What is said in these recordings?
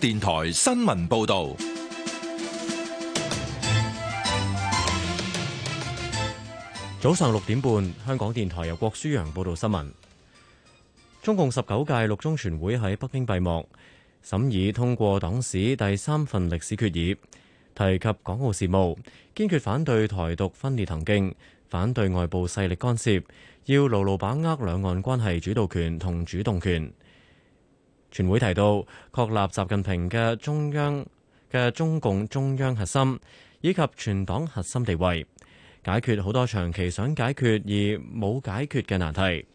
電台新聞報道，早上六點半，香港電台由郭舒揚報道新聞。中共十九屆六中全會喺北京閉幕，審議通過黨史第三份歷史決議，提及港澳事務，堅決反對台獨分裂行徑，反對外部勢力干涉，要牢牢把握兩岸關係主導權同主動權。全會提到，確立習近平嘅中央嘅中共中央核心以及全黨核心地位，解決好多長期想解決而冇解決嘅難題，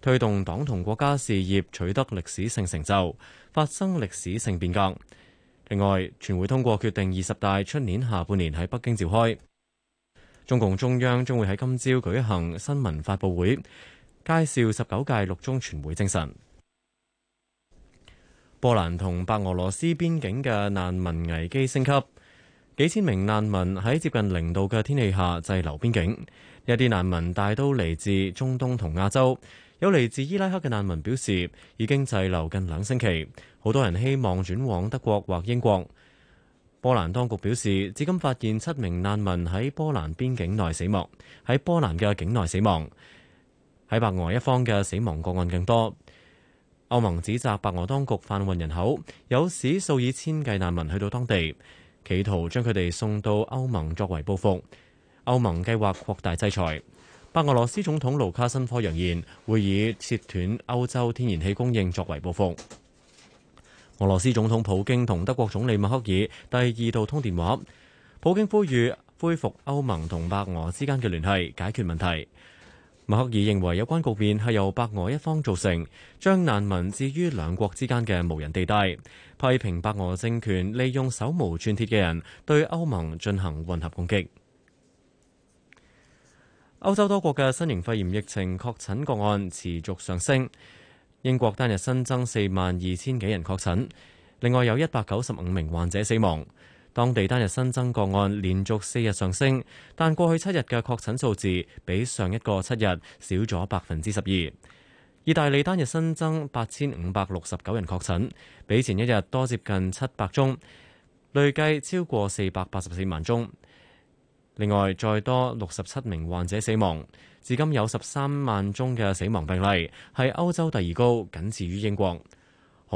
推動黨同國家事業取得歷史性成就，發生歷史性變革。另外，全會通過決定，二十大出年下半年喺北京召開，中共中央將會喺今朝舉行新聞發布會，介紹十九屆六中全會精神。波蘭同白俄羅斯邊境嘅難民危機升級，幾千名難民喺接近零度嘅天氣下滯留邊境。一啲難民大都嚟自中東同亞洲，有嚟自伊拉克嘅難民表示已經滯留近兩星期，好多人希望轉往德國或英國。波蘭當局表示，至今發現七名難民喺波蘭邊境內死亡，喺波蘭嘅境內死亡，喺白俄一方嘅死亡個案更多。歐盟指責白俄當局販運人口，有史數以千計難民去到當地，企圖將佢哋送到歐盟作為報復。歐盟計劃擴大制裁。白俄羅斯總統盧卡申科揚言會以切斷歐洲天然氣供應作為報復。俄羅斯總統普京同德國總理默克爾第二度通電話，普京呼籲恢復歐盟同白俄之間嘅聯繫，解決問題。默克爾認為有關局面係由白俄一方造成，將難民置於兩國之間嘅無人地帶，批評白俄政權利用手無寸鐵嘅人對歐盟進行混合攻擊。歐洲多國嘅新型肺炎疫情確診個案持續上升，英國單日新增四萬二千幾人確診，另外有一百九十五名患者死亡。當地單日新增個案連續四日上升，但過去七日嘅確診數字比上一個七日少咗百分之十二。意大利單日新增八千五百六十九人確診，比前一日多接近七百宗，累計超過四百八十四萬宗。另外，再多六十七名患者死亡，至今有十三萬宗嘅死亡病例，係歐洲第二高，僅次於英國。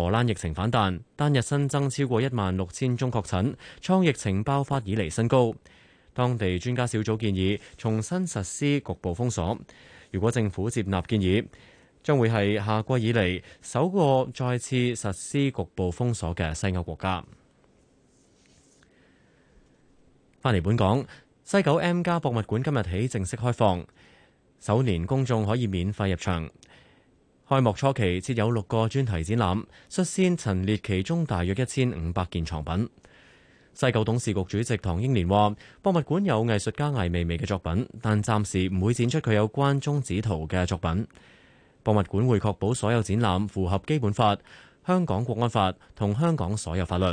荷蘭疫情反彈，單日新增超過一萬六千宗確診，創疫情爆發以嚟新高。當地專家小組建議重新實施局部封鎖，如果政府接納建議，將會係夏季以嚟首個再次實施局部封鎖嘅西歐國家。翻嚟本港，西九 M+ 博物館今日起正式開放，首年公眾可以免費入場。開幕初期設有六個專題展覽，率先陳列其中大約一千五百件藏品。西九董事局主席唐英年話，博物館有藝術家艾未未嘅作品，但暫時唔會展出佢有關中指圖嘅作品。博物館會確保所有展覽符合基本法、香港國安法同香港所有法律。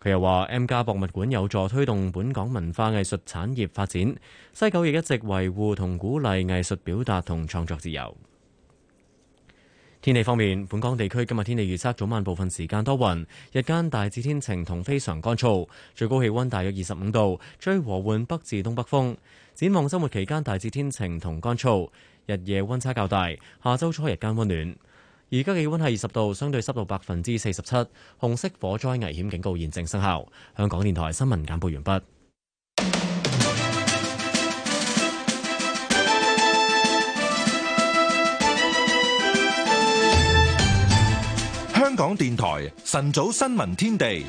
佢又話，M+ 博物館有助推動本港文化藝術產業發展，西九亦一直維護同鼓勵藝術表達同創作自由。天氣方面，本港地區今日天，天氣預測，早晚部分時間多雲，日間大致天晴同非常乾燥，最高氣溫大約二十五度，吹和緩北至東北風。展望周末期間大致天晴同乾燥，日夜溫差較大，下周初日間溫暖。而家氣溫係二十度，相對濕度百分之四十七，紅色火災危險警告現正生效。香港電台新聞簡報完畢。港電台晨早新聞天地，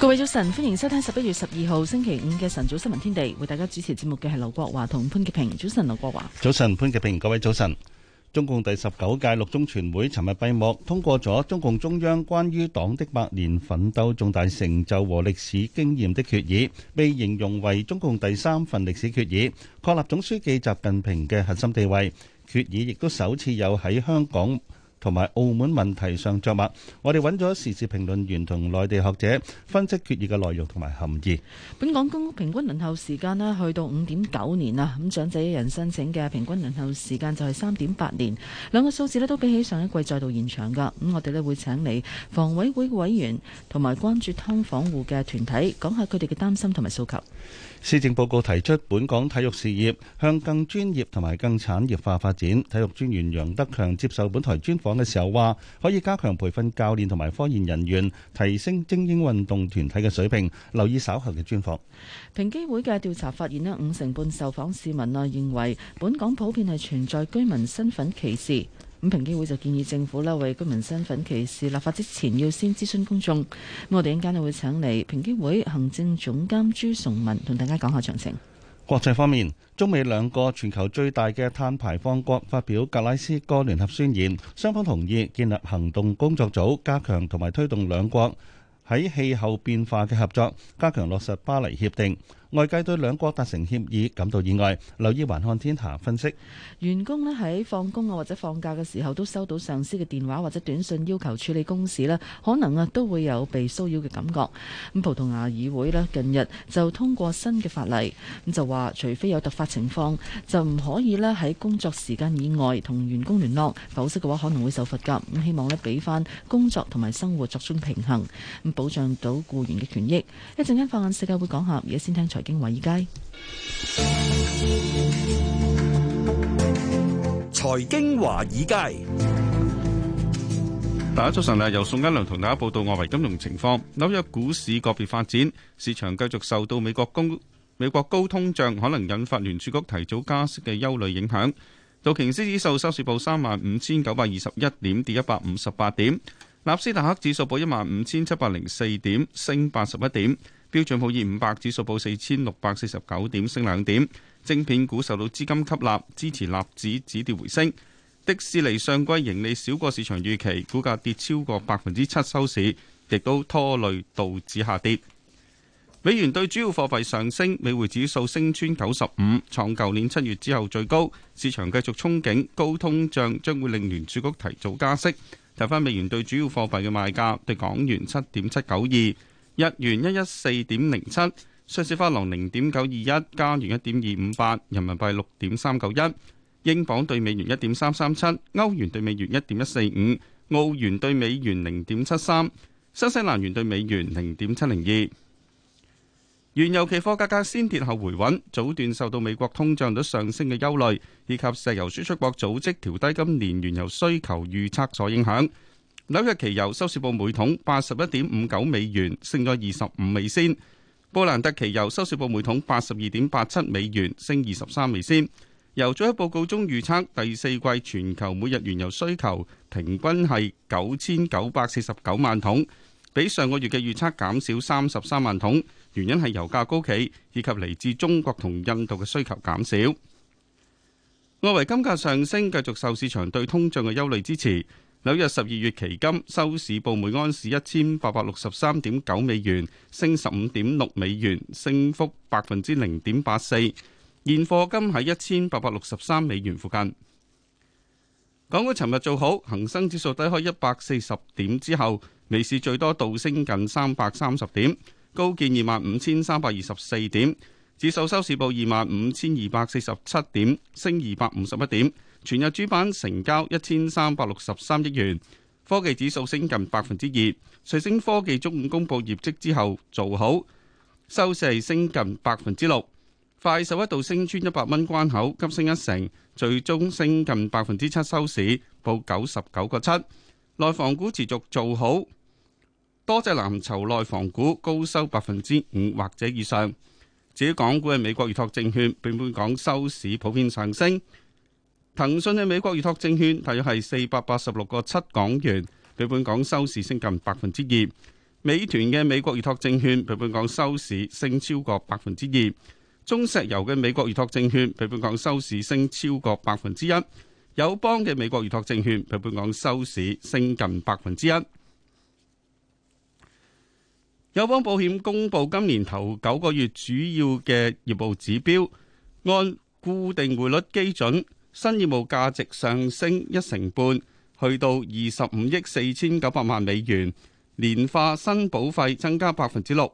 各位早晨，歡迎收聽十一月十二號星期五嘅晨早新聞天地。為大家主持節目嘅係劉國華同潘潔平。早晨，劉國華。早晨，潘潔平。各位早晨。中共第十九屆六中全會尋日閉幕，通過咗中共中央關於黨的百年奮鬥重大成就和歷史經驗的決議，被形容為中共第三份歷史決議，確立總書記習近平嘅核心地位。決議亦都首次有喺香港同埋澳門問題上著墨，我哋揾咗時事評論員同內地學者分析決議嘅內容同埋含義。本港公屋平均輪候時間咧去到五點九年啊，咁長者一人申請嘅平均輪候時間就係三點八年，兩個數字咧都比起上一季再度延長㗎。咁我哋咧會請嚟房委會委員同埋關注㓥房戶嘅團體講下佢哋嘅擔心同埋訴求。施政報告提出，本港體育事業向更專業同埋更產業化發展。體育專員楊德強接受本台專訪嘅時候話，可以加強培訓教練同埋科研人員，提升精英運動團體嘅水平。留意稍後嘅專訪。平機會嘅調查發現咧，五成半受訪市民啊認為，本港普遍係存在居民身份歧視。咁平機會就建議政府啦，為居民身份歧視立法之前，要先諮詢公眾。咁我哋一陣間會請嚟平機會行政總監朱崇文同大家講下詳情。國際方面，中美兩個全球最大嘅碳排放國發表格拉斯哥聯合宣言，雙方同意建立行動工作組，加強同埋推動兩國喺氣候變化嘅合作，加強落實巴黎協定。外界對兩國達成協議感到意外。留意環看天下分析，員工咧喺放工啊或者放假嘅時候都收到上司嘅電話或者短信要求處理公事咧，可能啊都會有被騷擾嘅感覺。咁葡萄牙議會咧近日就通過新嘅法例，咁就話除非有突發情況，就唔可以咧喺工作時間以外同員工聯絡，否則嘅話可能會受罰噶。咁希望咧俾翻工作同埋生活作出平衡，咁保障到僱員嘅權益。一陣間放眼世界會講下，而家先聽。財經華爾街，財經華爾街，大家早晨啊！由宋恩良同大家報道外圍金融情況。紐約股市個別發展，市場繼續受到美國高美國高通脹可能引發聯儲局提早加息嘅憂慮影響。道瓊斯指數收市報三萬五千九百二十一點，跌一百五十八點。納斯達克指數報一萬五千七百零四點，升八十一點。標準普爾五百指數報四千六百四十九點，升兩點。晶片股受到資金吸納，支持納指止跌回升。迪士尼上季盈利少過市場預期，股價跌超過百分之七收市，亦都拖累道指下跌。美元對主要貨幣上升，美匯指數升穿九十五，創舊年七月之後最高。市場繼續憧憬高通脹將會令聯儲局提早加息。睇翻美元對主要貨幣嘅賣價，對港元七點七九二。日元一一四點零七，瑞士法郎零點九二一，加元一點二五八，人民幣六點三九一，英鎊對美元一點三三七，歐元對美元一點一四五，澳元對美元零點七三，新西蘭元對美元零點七零二。原油期貨價格先跌後回穩，早段受到美國通脹率上升嘅憂慮，以及石油輸出國組織調低今年原油需求預測所影響。紐約期油收市報每桶八十一點五九美元，升咗二十五美仙。布蘭特期油收市報每桶八十二點八七美元，升二十三美仙。油組喺報告中預測第四季全球每日原油需求平均係九千九百四十九萬桶，比上個月嘅預測減少三十三萬桶，原因係油價高企以及嚟自中國同印度嘅需求減少。外圍金價上升，繼續受市場對通脹嘅憂慮支持。紐約十二月期金收市報每安士一千八百六十三點九美元，升十五點六美元，升幅百分之零點八四。現貨金喺一千八百六十三美元附近。港股尋日做好，恒生指數低開一百四十點之後，尾市最多倒升近三百三十點，高見二萬五千三百二十四點。指數收市報二萬五千二百四十七點，升二百五十一點。全日主板成交一千三百六十三億元，科技指數升近百分之二。瑞聲科技中午公布業績之後做好收市，升近百分之六。快手一度升穿一百蚊關口，急升一成，最終升近百分之七收市，報九十九個七。內房股持續做好，多隻藍籌內房股高收百分之五或者以上。至於港股嘅美國預託證券並本港收市普遍上升。騰訊嘅美國預託證券大約係四百八十六個七港元，比本港收市升近百分之二。美團嘅美國預託證券比本港收市升超過百分之二。中石油嘅美國預託證券比本港收市升超過百分之一。友邦嘅美國預託證券比本港收市升近百分之一。友邦保險公佈今年頭九個月主要嘅業務指標，按固定匯率基準，新業務價值上升一成半，去到二十五億四千九百萬美元，年化新保費增加百分之六，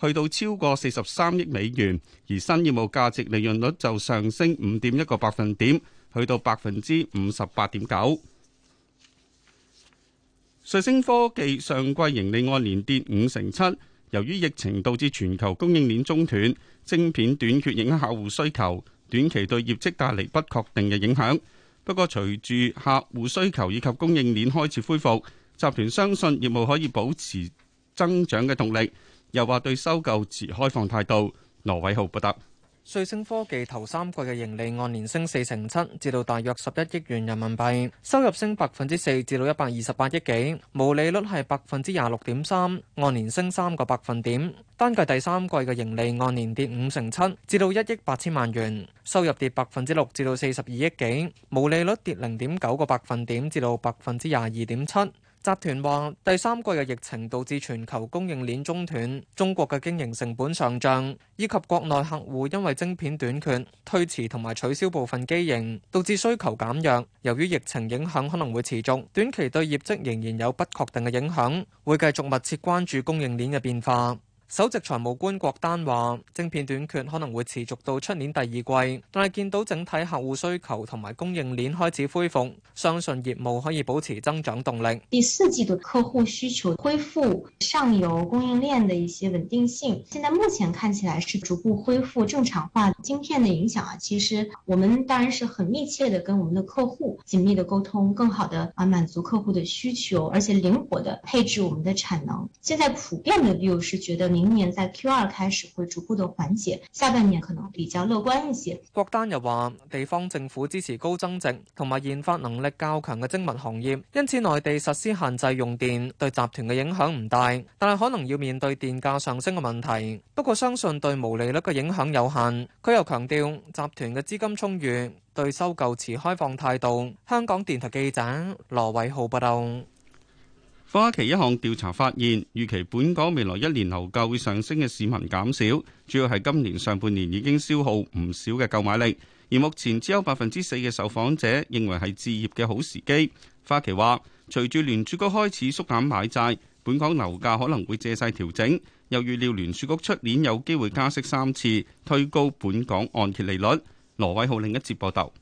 去到超過四十三億美元，而新業務價值利潤率就上升五點一個百分點，去到百分之五十八點九。瑞星科技上季盈利按年跌五成七，由於疫情導致全球供應鏈中斷，晶片短缺影響客戶需求。短期對業績帶嚟不確定嘅影響，不過隨住客戶需求以及供應鏈開始恢復，集團相信業務可以保持增長嘅動力。又話對收購持開放態度。羅偉浩報道。瑞聲科技頭三季嘅盈利按年升四成七，至到大約十一億元人民幣，收入升百分之四，至到一百二十八億幾，毛利率係百分之廿六點三，按年升三個百分點。單計第三季嘅盈利按年跌五成七，至到一億八千萬元，收入跌百分之六，至到四十二億幾，毛利率跌零點九個百分點至，至到百分之廿二點七。集團話：第三季嘅疫情導致全球供應鏈中斷，中國嘅經營成本上漲，以及國內客戶因為晶片短缺推遲同埋取消部分機型，導致需求減弱。由於疫情影響可能會持續，短期對業績仍然有不確定嘅影響，會繼續密切關注供應鏈嘅變化。首席財務官郭丹話：晶片短缺可能會持續到出年第二季，但係見到整體客戶需求同埋供應鏈開始恢復，相信業務可以保持增長動力。第四季度客戶需求恢復，上游供應鏈的一些穩定性，現在目前看起來是逐步恢復正常化。晶片的影響啊，其實我們當然是很密切的跟我們的客戶緊密的溝通，更好的啊滿足客戶的需求，而且靈活的配置我們的產能。現在普遍的 view 是覺得明年在 Q 二開始會逐步的緩解，下半年可能比較樂觀一些。郭丹又話，地方政府支持高增值同埋研發能力較強嘅精密行業，因此內地實施限制用電對集團嘅影響唔大，但係可能要面對電價上升嘅問題。不過相信對毛利率嘅影響有限。佢又強調，集團嘅資金充裕，對收購持開放態度。香港電台記者羅偉浩報道。花旗一項調查發現，預期本港未來一年樓價會上升嘅市民減少，主要係今年上半年已經消耗唔少嘅購買力，而目前只有百分之四嘅受訪者認為係置業嘅好時機。花旗話，隨住聯儲局開始縮減買債，本港樓價可能會借勢調整，又預料聯儲局出年有機會加息三次，推高本港按揭利率。羅偉浩另一節報道。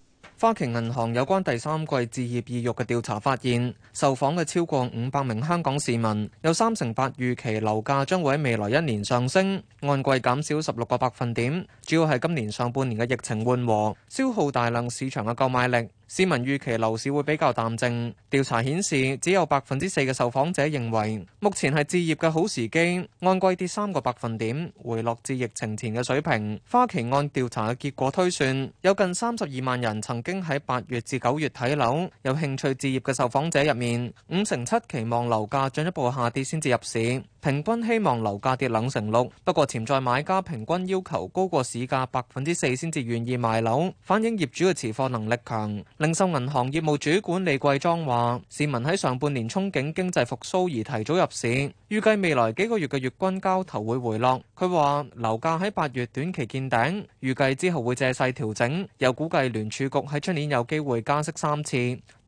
花旗銀行有關第三季置業意欲嘅調查發現，受訪嘅超過五百名香港市民有三成八預期樓價將會喺未來一年上升，按季減少十六個百分點，主要係今年上半年嘅疫情緩和，消耗大量市場嘅購買力。市民預期樓市會比較淡靜。調查顯示，只有百分之四嘅受訪者認為目前係置業嘅好時機，按季跌三個百分點，回落至疫情前嘅水平。花旗按調查嘅結果推算，有近三十二萬人曾經喺八月至九月睇樓，有興趣置業嘅受訪者入面，五成七期望樓價進一步下跌先至入市。平均希望樓價跌兩成六，不過潛在買家平均要求高過市價百分之四先至願意賣樓，反映業主嘅持貨能力強。零售銀行業務主管李桂莊話：市民喺上半年憧憬經濟復甦而提早入市，預計未來幾個月嘅月均交投會回落。佢話樓價喺八月短期見頂，預計之後會借勢調整。又估計聯儲局喺出年有機會加息三次。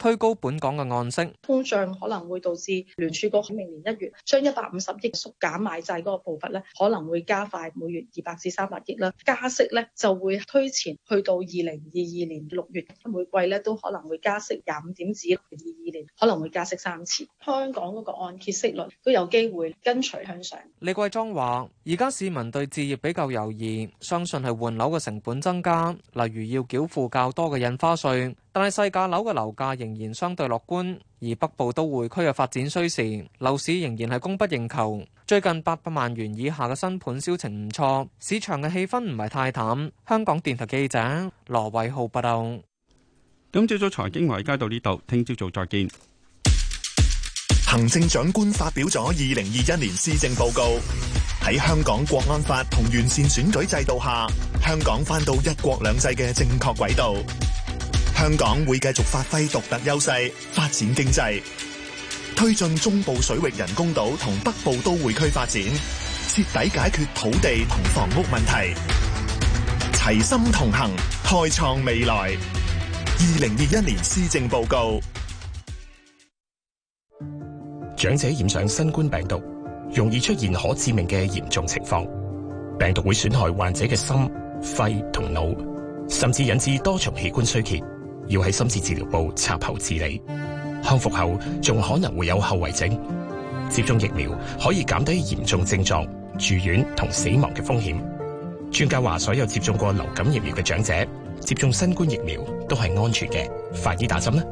推高本港嘅按息，通脹可能會導致聯儲局喺明年一月將一百五十億縮減買債嗰個步伐咧，可能會加快，每月二百至三百億啦。加息咧就會推前去到二零二二年六月每季咧都可能會加息廿五點子，二二年可能會加息三次。香港嗰個按揭息率都有機會跟隨向上。李桂莊話：而家市民對置業比較猶豫，相信係換樓嘅成本增加，例如要繳付較多嘅印花稅。但係細價樓嘅樓價仍然相對樂觀，而北部都會區嘅發展需時，樓市仍然係供不應求。最近八百萬元以下嘅新盤銷情唔錯，市場嘅氣氛唔係太淡。香港電台記者羅偉浩報道。咁朝早財經華爾街到呢度，聽朝早再見。行政長官發表咗二零二一年施政報告，喺香港國安法同完善選舉制度下，香港翻到一國兩制嘅正確軌道。香港會繼續發揮獨特優勢，發展經濟，推進中部水域人工島同北部都會區發展，徹底解決土地同房屋問題，齊心同行，開創未來。二零二一年施政報告。長者染上新冠病毒，容易出現可致命嘅嚴重情況，病毒會損害患者嘅心、肺同腦，甚至引致多重器官衰竭。要喺深切治療部插喉治理，康復後仲可能會有後遺症。接種疫苗可以減低嚴重症狀、住院同死亡嘅風險。專家話，所有接種過流感疫苗嘅長者接種新冠疫苗都係安全嘅，快啲打針啦！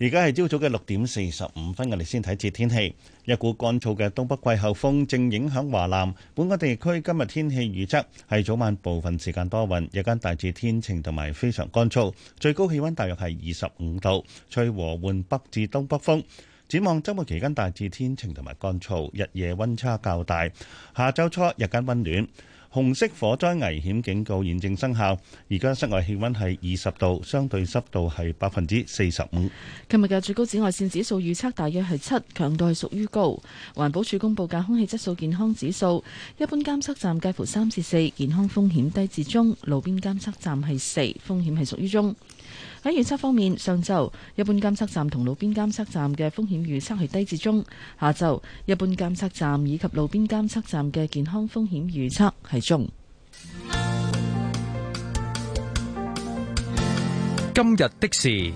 而家係朝早嘅六點四十五分，我哋先睇次天氣。一股乾燥嘅東北季候風正影響華南本港地區。今日天氣預測係早晚部分時間多雲，日間大致天晴同埋非常乾燥，最高氣温大約係二十五度，吹和緩北至東北風。展望周末期間大致天晴同埋乾燥，日夜温差較大。下周初日間温暖。紅色火災危險警告現正生效，而家室外氣溫係二十度，相對濕度係百分之四十五。今日嘅最高紫外線指數預測大約係七，強度係屬於高。環保署公布嘅空氣質素健康指數，一般監測站介乎三至四，健康風險低至中；路邊監測站係四，風險係屬於中。喺預測方面，上晝一般監測站同路邊監測站嘅風險預測係低至中；下晝一般監測站以及路邊監測站嘅健康風險預測係中。今日的事，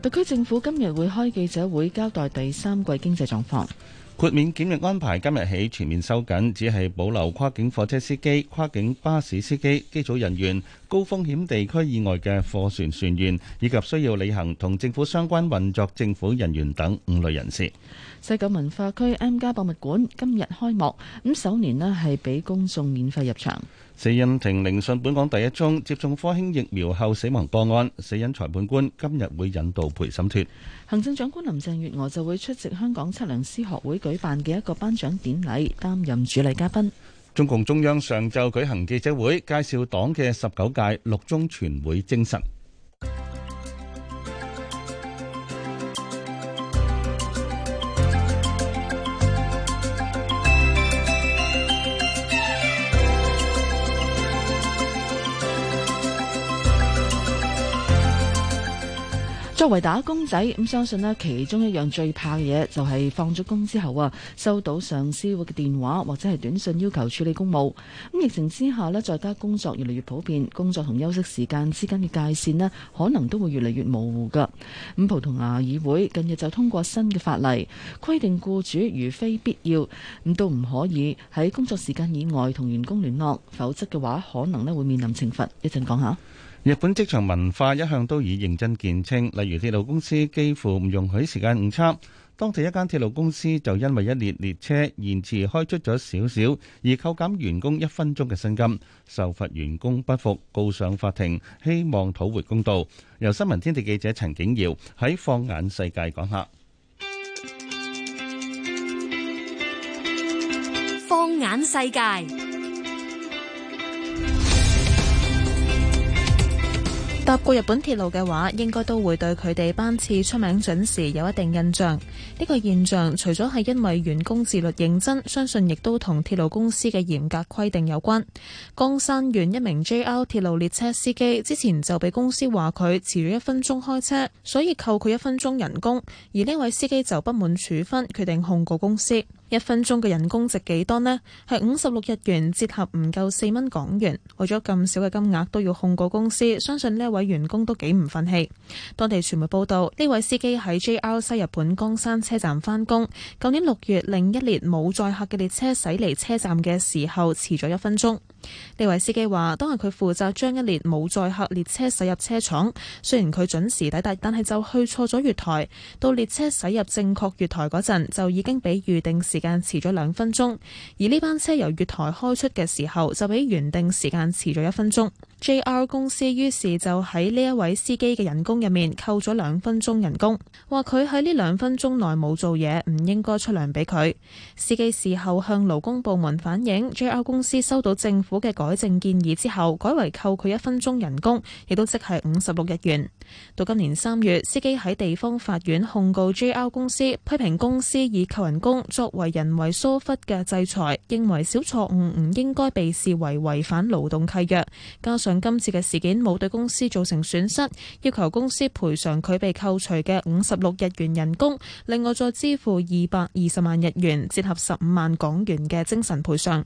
特區政府今日會開記者會交代第三季經濟狀況。豁免檢疫安排今日起全面收緊，只係保留跨境貨車司機、跨境巴士司機、機組人員、高風險地區以外嘅貨船船員以及需要履行同政府相關運作政府人員等五類人士。西九文化區 M 家博物館今日開幕，咁首年咧係俾公眾免費入場。死因庭聆訊本港第一宗接種科興疫苗後死亡個案，死因裁判官今日會引導陪審團。行政長官林鄭月娥就會出席香港測量師學會舉辦嘅一個頒獎典禮，擔任主禮嘉賓。中共中央上晝舉行記者會，介紹黨嘅十九屆六中全會精神。作為打工仔咁，相信呢其中一樣最怕嘅嘢就係放咗工之後啊，收到上司嘅電話或者係短信要求處理公務。咁疫情之下呢，在家工作越嚟越普遍，工作同休息時間之間嘅界綫呢，可能都會越嚟越模糊㗎。咁葡萄牙議會近日就通過新嘅法例，規定雇主如非必要咁都唔可以喺工作時間以外同員工聯絡，否則嘅話可能呢會面臨懲罰。一陣講下。日本職場文化一向都以認真見稱，例如鐵路公司幾乎唔容許時間誤差。當地一間鐵路公司就因為一列列車延遲開出咗少少，而扣減員工一分鐘嘅薪金。受罰員工不服，告上法庭，希望討回公道。由新聞天地記者陳景堯喺放眼世界講下。放眼世界。搭過日本鐵路嘅話，應該都會對佢哋班次出名準時有一定印象。呢、這個現象除咗係因為員工自律認真，相信亦都同鐵路公司嘅嚴格規定有關。岡山縣一名 J R 鐵路列車司機之前就被公司話佢遲咗一分鐘開車，所以扣佢一分鐘人工。而呢位司機就不滿處分，決定控告公司。一分鐘嘅人工值幾多呢？係五十六日元，折合唔夠四蚊港元。為咗咁少嘅金額都要控告公司，相信呢一位員工都幾唔忿氣。當地傳媒報道，呢位司機喺 JR 西日本江山車站返工，舊年六月，另一列冇載客嘅列車駛嚟車站嘅時候遲咗一分鐘。利維斯基話，當日佢負責將一列冇載客列車駛入車廠，雖然佢準時抵達，但係就去錯咗月台。到列車駛入正確月台嗰陣，就已經比預定時間遲咗兩分鐘。而呢班車由月台開出嘅時候，就比原定時間遲咗一分鐘。JR 公司於是就喺呢一位司機嘅人工入面扣咗兩分鐘人工，話佢喺呢兩分鐘內冇做嘢，唔應該出糧俾佢。司機事後向勞工部門反映，JR 公司收到政府嘅改正建議之後，改為扣佢一分鐘人工，亦都即係五十六日元。到今年三月，司機喺地方法院控告 JR 公司，批評公司以扣人工作為人為疏忽嘅制裁，認為小錯誤唔應該被視為違反勞動契約，加上，向今次嘅事件冇對公司造成損失，要求公司賠償佢被扣除嘅五十六日元人工，另外再支付二百二十萬日元（折合十五萬港元）嘅精神賠償。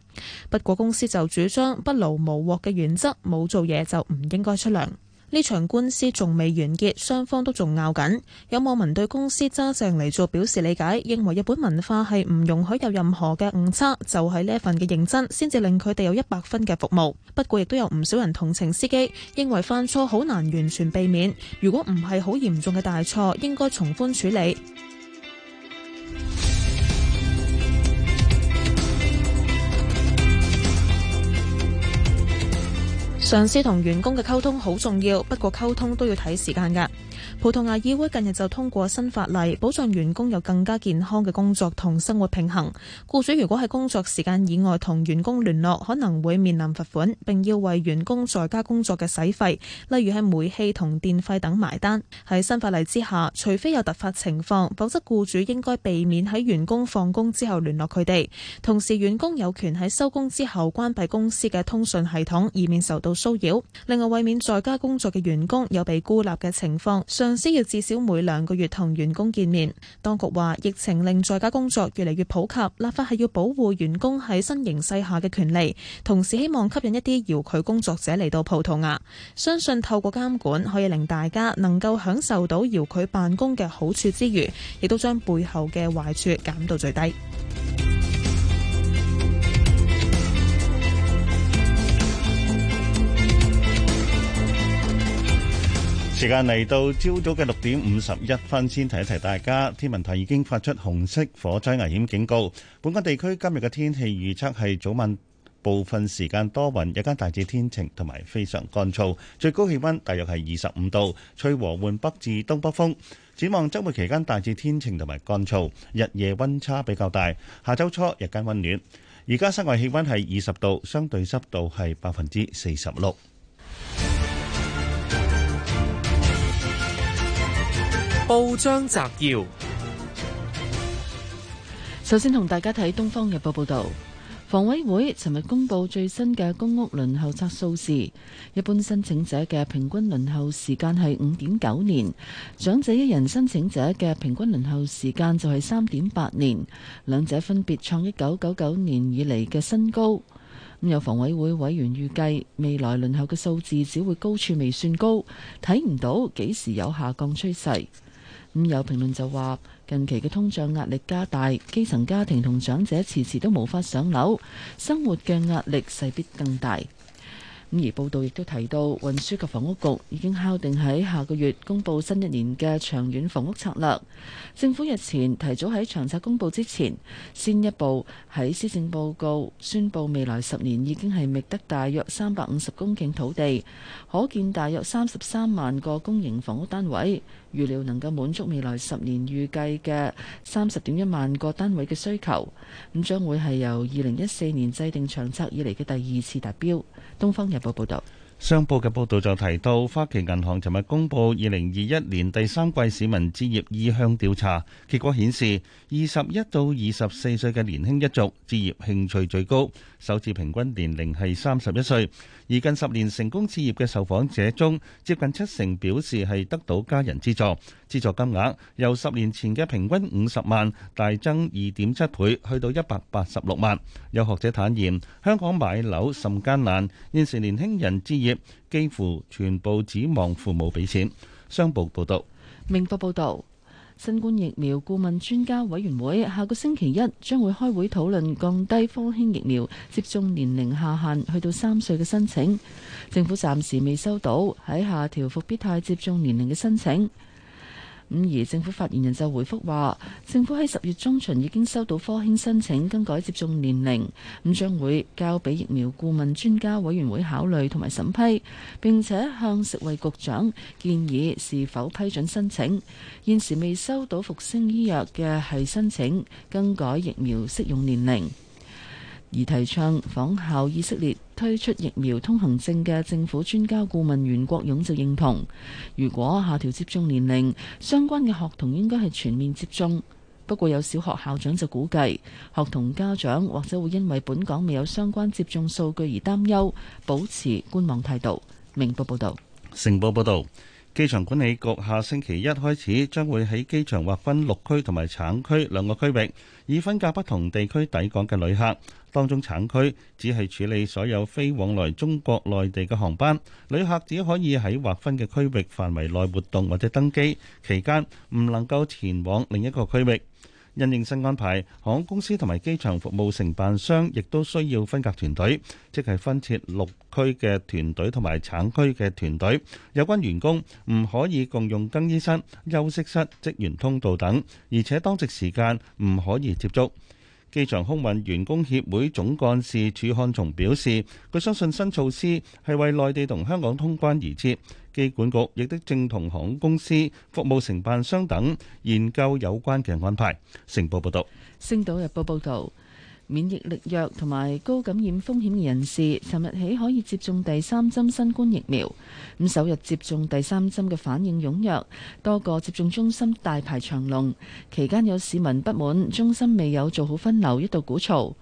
不過公司就主張不勞無獲嘅原則，冇做嘢就唔應該出糧。呢場官司仲未完結，雙方都仲拗緊。有網民對公司揸正嚟做表示理解，認為日本文化係唔容許有任何嘅誤差，就係呢份嘅認真先至令佢哋有一百分嘅服務。不過亦都有唔少人同情司機，認為犯錯好難完全避免，如果唔係好嚴重嘅大錯，應該從寬處理。上司同員工嘅溝通好重要，不過溝通都要睇時間㗎。葡萄牙議會近日就通過新法例，保障員工有更加健康嘅工作同生活平衡。僱主如果喺工作時間以外同員工聯絡，可能會面臨罰款，並要為員工在家工作嘅使費，例如喺煤氣同電費等埋單。喺新法例之下，除非有突發情況，否則僱主應該避免喺員工放工之後聯絡佢哋。同時，員工有權喺收工之後關閉公司嘅通訊系統，以免受到騷擾。另外，為免在家工作嘅員工有被孤立嘅情況，相公司要至少每兩個月同員工見面。當局話，疫情令在家工作越嚟越普及，立法係要保護員工喺新形勢下嘅權利，同時希望吸引一啲遙距工作者嚟到葡萄牙。相信透過監管，可以令大家能夠享受到遙距辦公嘅好處之餘，亦都將背後嘅壞處減到最低。時間嚟到朝早嘅六點五十一分，先提一提大家。天文台已經發出紅色火災危險警告。本港地區今日嘅天氣預測係早晚部分時間多雲，日間大致天晴同埋非常乾燥。最高氣溫大約係二十五度，吹和緩北至東北風。展望周末期間大致天晴同埋乾燥，日夜溫差比較大。下周初日間溫暖。而家室外氣溫係二十度，相對濕度係百分之四十六。報章摘要：首先同大家睇《東方日報》報道，房委會尋日公布最新嘅公屋輪候冊數字，一般申請者嘅平均輪候時間係五點九年，長者一人申請者嘅平均輪候時間就係三點八年，兩者分別創一九九九年以嚟嘅新高。咁有房委會委員預計，未來輪候嘅數字只會高處未算高，睇唔到幾時有下降趨勢。咁、嗯、有評論就話，近期嘅通脹壓力加大，基層家庭同長者遲遲都無法上樓，生活嘅壓力勢必更大。咁、嗯、而報道亦都提到，運輸及房屋局已經敲定喺下個月公佈新一年嘅長遠房屋策略。政府日前提早喺長策公佈之前，先一步喺施政報告宣布，未來十年已經係覓得大約三百五十公頃土地，可建大約三十三萬個公營房屋單位。預料能夠滿足未來十年預計嘅三十點一萬個單位嘅需求，咁將會係由二零一四年制定長策以嚟嘅第二次達標。《東方日報》報道，商報嘅報導就提到，花旗銀行尋日公布二零二一年第三季市民置業意向調查，結果顯示，二十一到二十四歲嘅年輕一族置業興趣最高，首次平均年齡係三十一歲。而近十年成功置業嘅受訪者中，接近七成表示係得到家人資助，資助金額由十年前嘅平均五十萬大增二點七倍，去到一百八十六萬。有學者坦言，香港買樓甚艱難，現時年輕人置業幾乎全部指望父母俾錢。商報報道。明報報導。新冠疫苗顧問專家委員會下個星期一將會開會討論降低科興疫苗接種年齡下限去到三歲嘅申請，政府暫時未收到喺下調復必泰接種年齡嘅申請。咁而政府發言人就回覆話，政府喺十月中旬已經收到科興申請更改接種年齡，咁將會交俾疫苗顧問專家委員會考慮同埋審批，並且向食衛局長建議是否批准申請。現時未收到復星醫藥嘅係申請更改疫苗適用年齡，而提倡仿效以色列。推出疫苗通行證嘅政府專家顧問袁國勇就認同，如果下調接種年齡，相關嘅學童應該係全面接種。不過有小學校長就估計，學童家長或者會因為本港未有相關接種數據而擔憂，保持觀望態度。明報報道。成報報導。機場管理局下星期一開始將會喺機場劃分綠區同埋橙區兩個區域，以分隔不同地區抵港嘅旅客。當中橙區只係處理所有飛往來中國內地嘅航班，旅客只可以喺劃分嘅區域範圍內活動或者登機，期間唔能夠前往另一個區域。因應新安排，航空公司同埋機場服務承辦商亦都需要分隔團隊，即係分設綠區嘅團隊同埋橙區嘅團隊。有關員工唔可以共用更衣室、休息室、職員通道等，而且當值時間唔可以接觸。機場空運員工協會總幹事楚漢松表示，佢相信新措施係為內地同香港通關而設，機管局亦都正同航空公司、服務承辦商等研究有關嘅安排。成報報道，《星島日報》報道。免疫力弱同埋高感染風險人士，尋日起可以接種第三針新冠疫苗。咁、嗯、首日接種第三針嘅反應踴躍，多個接種中心大排長龍，期間有市民不滿中心未有做好分流，一度鼓噪。咁、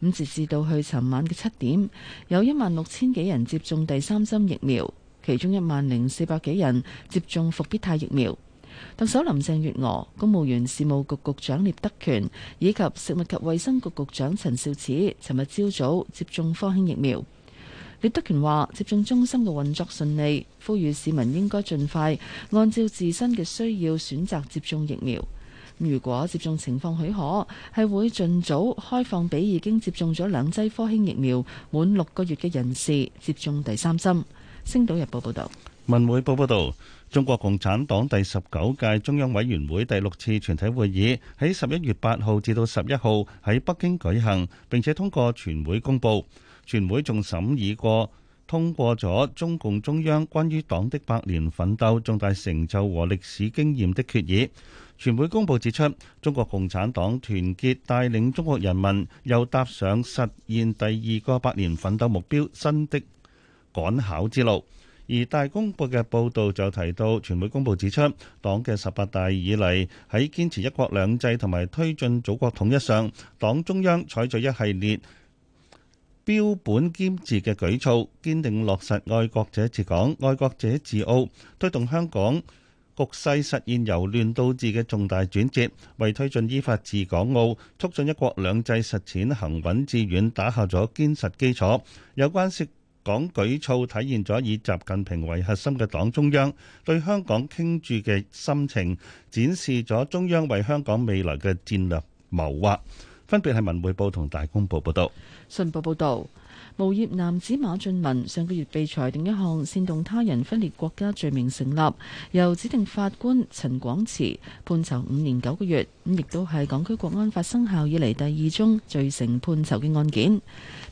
嗯、截至到去尋晚嘅七點有一萬六千幾人接種第三針疫苗，其中一萬零四百幾人接種復必泰疫苗。特首林鄭月娥、公務員事務局局長聶德權以及食物及衛生局局長陳肇始，尋日朝早接種科興疫苗。聶德權話：接種中心嘅運作順利，呼籲市民應該盡快按照自身嘅需要選擇接種疫苗。如果接種情況許可，係會盡早開放俾已經接種咗兩劑科興疫苗滿六個月嘅人士接種第三針。星島日報報道，文匯報報道。中國共產黨第十九屆中央委員會第六次全體會議喺十一月八號至到十一號喺北京舉行，並且通過全會公報。全會仲審議過通過咗中共中央關於黨的百年奮鬥重大成就和歷史經驗的決議。全會公報指出，中國共產黨團結帶領中國人民又踏上實現第二個百年奮鬥目標新的趕考之路。而大公報嘅報導就提到，全會公佈指出，黨嘅十八大以嚟喺堅持一國兩制同埋推進祖國統一上，黨中央採取一系列標本兼治嘅舉措，堅定落實愛國者治港、愛國者治澳，推動香港局勢實現由亂到治嘅重大轉折，為推進依法治港澳、促進一國兩制實踐行穩致遠打下咗堅實基礎。有關涉港舉措體現咗以習近平為核心嘅黨中央對香港傾注嘅心情，展示咗中央為香港未來嘅戰略謀劃。分別係文匯報同大公報報道，信報報道。無業男子馬俊文上個月被裁定一項煽動他人分裂國家罪名成立，由指定法官陳廣池判囚五年九個月。咁亦都係港區國安法生效以嚟第二宗罪成判囚嘅案件。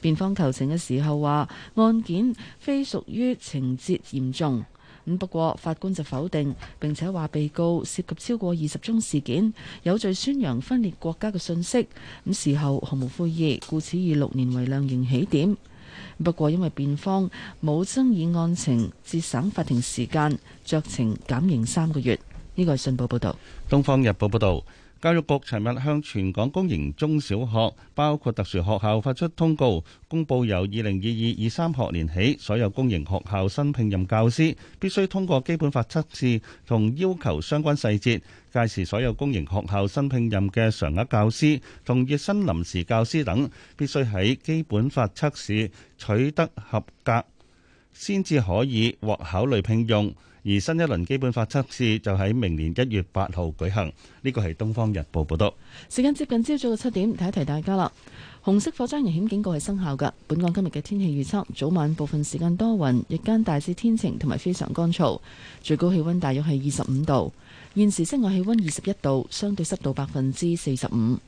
辯方求情嘅時候話案件非屬於情節嚴重，咁不過法官就否定並且話被告涉及超過二十宗事件，有罪宣揚分裂國家嘅信息。咁事後毫無悔意，故此以六年為量刑起點。不過因為辯方冇爭議案情，節省法庭時間，酌情減刑三個月。呢個係信報報道，《東方日報》報道。教育局尋日向全港公營中小學，包括特殊學校，發出通告，公布由二零二二二三學年起，所有公營學校新聘任教師必須通過基本法測試，同要求相關細節。屆時，所有公營學校新聘任嘅常額教師同月薪臨時教師等，必須喺基本法測試取得合格，先至可以獲考慮聘用。而新一輪基本法測試就喺明年一月八號舉行，呢個係《東方日報》報道。時間接近朝早嘅七點，提一提大家啦。紅色火災危險警告係生效嘅。本港今日嘅天氣預測：早晚部分時間多雲，日間大致天晴同埋非常乾燥，最高氣溫大約係二十五度。現時室外氣溫二十一度，相對濕度百分之四十五。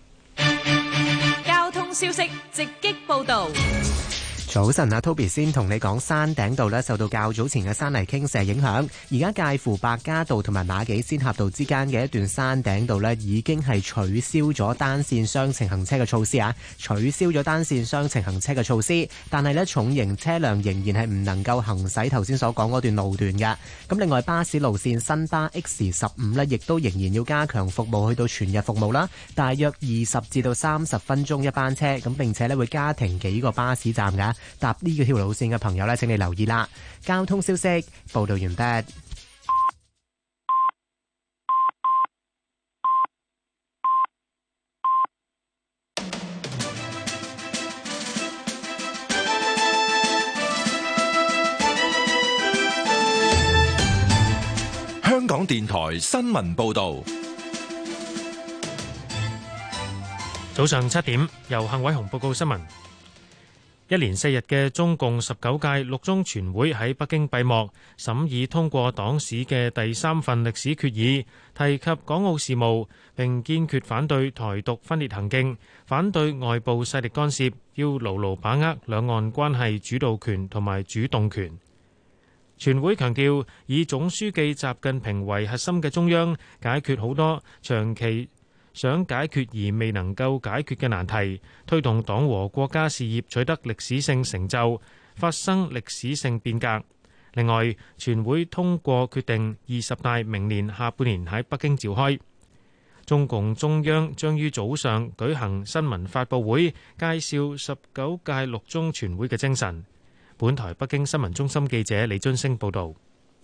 交通消息直擊報道。早晨啊，Toby 先同你講山頂道咧，受到較早前嘅山泥傾瀉影響，而家介乎白加道同埋馬己仙峽道之間嘅一段山頂道咧，已經係取消咗單線雙程行車嘅措施啊，取消咗單線雙程行車嘅措施，但係咧重型車輛仍然係唔能夠行駛頭先所講嗰段路段噶。咁另外巴士路線新巴 X 十五咧，亦都仍然要加強服務，去到全日服務啦，大約二十至到三十分鐘一班車，咁並且咧會加停幾個巴士站噶。搭呢個條路線嘅朋友呢，請你留意啦。交通消息報道完畢。香港電台新聞報道，早上七點，由幸偉雄報告新聞。一連四日嘅中共十九屆六中全會喺北京閉幕，審議通過黨史嘅第三份歷史決議，提及港澳事務，並堅決反對台獨分裂行徑，反對外部勢力干涉，要牢牢把握兩岸關係主導權同埋主動權。全會強調，以總書記習近平為核心嘅中央解決好多長期想解決而未能夠解決嘅難題，推動黨和國家事業取得歷史性成就，發生歷史性變革。另外，全會通過決定，二十大明年下半年喺北京召開。中共中央將於早上舉行新聞發佈會，介紹十九屆六中全會嘅精神。本台北京新聞中心記者李津升報道。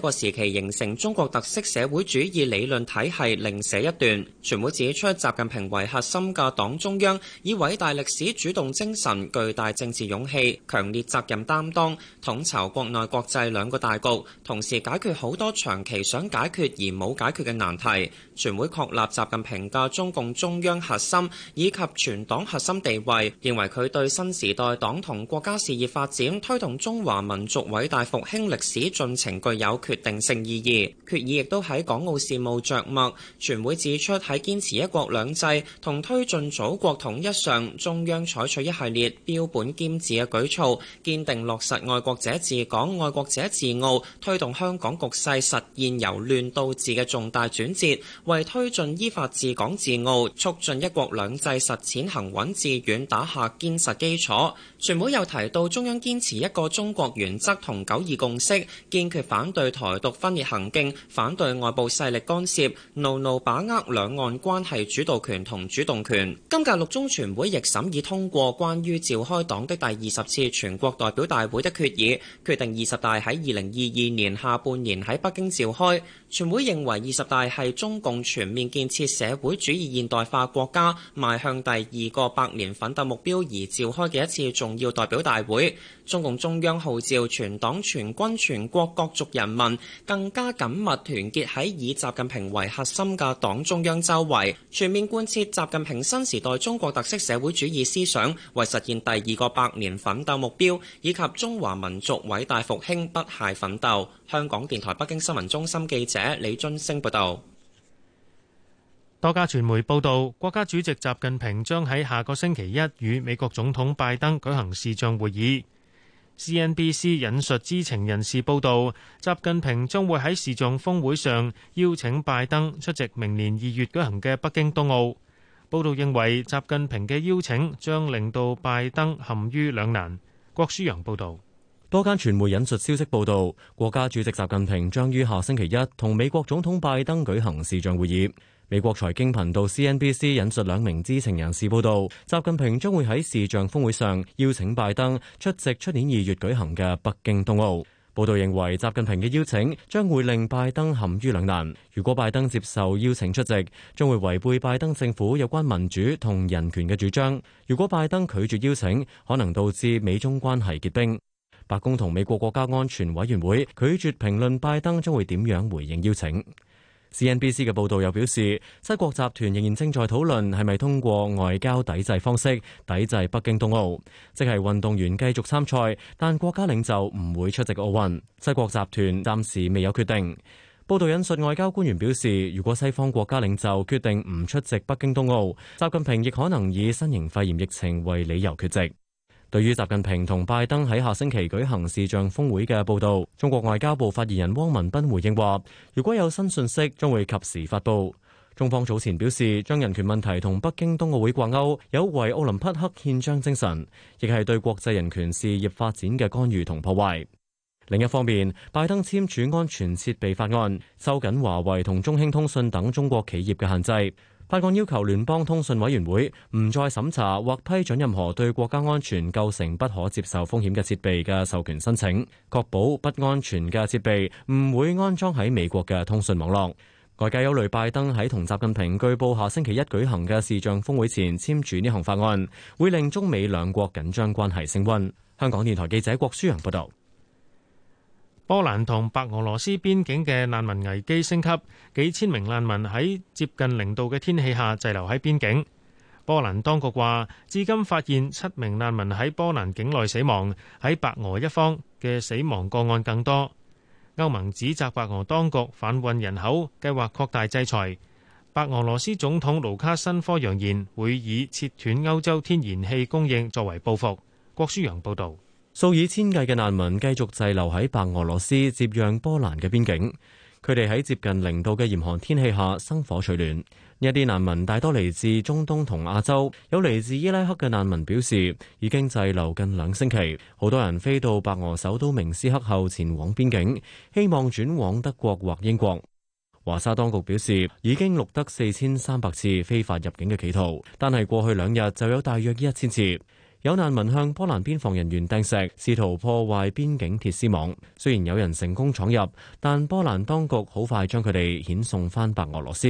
呢個時期形成中國特色社會主義理論體系，另寫一段。全會指出，習近平為核心嘅黨中央，以偉大歷史主動精神、巨大政治勇氣、強烈責任擔當，統籌國內國際兩個大局，同時解決好多長期想解決而冇解決嘅難題。全會確立習近平嘅中共中央核心以及全黨核心地位，認為佢對新時代黨同國家事業發展、推動中華民族偉大復興歷史進程具有決定性意義。決議亦都喺港澳事務著墨。全會指出，喺堅持一國兩制同推進祖國統一上，中央採取一系列標本兼治嘅舉措，堅定落實愛國者治港、愛國者治澳，推動香港局勢實現由亂到治嘅重大轉折。為推進依法治港治澳，促進一國兩制實踐行穩致遠打下堅實基礎。全會又提到中央堅持一個中國原則同九二共識，堅決反對台獨分裂行徑，反對外部勢力干涉，牢牢把握兩岸關係主導權同主動權。今屆六中全會亦審議通過關於召開黨的第二十次全國代表大會的決議，決定二十大喺二零二二年下半年喺北京召開。全會認為二十大係中共全面建設社會主義現代化國家，邁向第二個百年奮鬥目標而召開嘅一次重。重要代表大會，中共中央號召全黨全軍全國各族人民更加緊密團結喺以習近平為核心嘅黨中央周圍，全面貫徹習近平新時代中國特色社會主義思想，為實現第二個百年奮鬥目標以及中華民族偉大復興不懈奮鬥。香港電台北京新聞中心記者李津星報道。多家傳媒報道，國家主席習近平將喺下個星期一與美國總統拜登舉行視像會議。CNBC 引述知情人士報道，習近平將會喺視像峰會上邀請拜登出席明年二月舉行嘅北京冬奧。報道認為，習近平嘅邀請將令到拜登陷於兩難。郭舒陽報導，多間傳媒引述消息報道，國家主席習近平將於下星期一同美國總統拜登舉行視像會議。美國財經頻道 CNBC 引述兩名知情人士報道，習近平將會喺視像峰會上邀請拜登出席出年二月舉行嘅北京冬奧。報道認為，習近平嘅邀請將會令拜登陷於兩難：如果拜登接受邀請出席，將會違背拜登政府有關民主同人權嘅主張；如果拜登拒絕邀請，可能導致美中關係結冰。白宮同美國國家安全委員會拒絕評論拜登將會點樣回應邀請。CNBC 嘅報導又表示，七國集團仍然正在討論係咪通過外交抵制方式抵制北京冬奧，即係運動員繼續參賽，但國家領袖唔會出席奧運。七國集團暫時未有決定。報導引述外交官員表示，如果西方國家領袖決定唔出席北京冬奧，習近平亦可能以新型肺炎疫情為理由缺席。對於習近平同拜登喺下星期舉行視像峰會嘅報導，中國外交部發言人汪文斌回應話：如果有新信息，將會及時發布。中方早前表示，將人權問題同北京冬奧會掛鈎，有違奧林匹克憲章精神，亦係對國際人權事業發展嘅干預同破壞。另一方面，拜登簽署安全設備法案，收緊華為同中興通訊等中國企業嘅限制。法案要求聯邦通訊委員會唔再審查或批准任何對國家安全構成不可接受風險嘅設備嘅授權申請，確保不安全嘅設備唔會安裝喺美國嘅通訊網絡。外界憂慮拜登喺同習近平據報下星期一舉行嘅視像峰會前簽署呢項法案，會令中美兩國緊張關係升温。香港電台記者郭舒洋報道。波蘭同白俄羅斯邊境嘅難民危機升級，幾千名難民喺接近零度嘅天氣下滯留喺邊境。波蘭當局話，至今發現七名難民喺波蘭境內死亡，喺白俄一方嘅死亡個案更多。歐盟指責白俄當局販運人口，計劃擴大制裁。白俄羅斯總統盧卡申科揚言會以切斷歐洲天然氣供應作為報復。郭舒陽報道。數以千計嘅難民繼續滯留喺白俄羅斯接壤波蘭嘅邊境，佢哋喺接近零度嘅嚴寒天氣下生火取暖。一啲難民大多嚟自中東同亞洲，有嚟自伊拉克嘅難民表示已經滯留近兩星期。好多人飛到白俄首都明斯克後前往邊境，希望轉往德國或英國。華沙當局表示已經錄得四千三百次非法入境嘅企圖，但係過去兩日就有大約一千次。有難民向波蘭邊防人員掟石，試圖破壞邊境鐵絲網。雖然有人成功闖入，但波蘭當局好快將佢哋遣送翻白俄羅斯。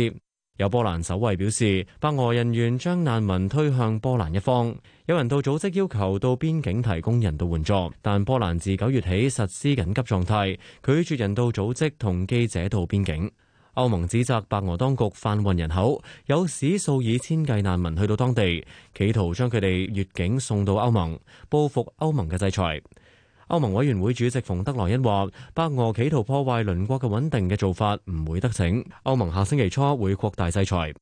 有波蘭守衛表示，白俄人員將難民推向波蘭一方。有人道組織要求到邊境提供人道援助，但波蘭自九月起實施緊急狀態，拒絕人道組織同記者到邊境。歐盟指責白俄當局販運人口，有史數以千計難民去到當地，企圖將佢哋越境送到歐盟，報復歐盟嘅制裁。歐盟委員會主席馮德萊恩話，白俄企圖破壞鄰國嘅穩定嘅做法唔會得逞。歐盟下星期初會擴大制裁。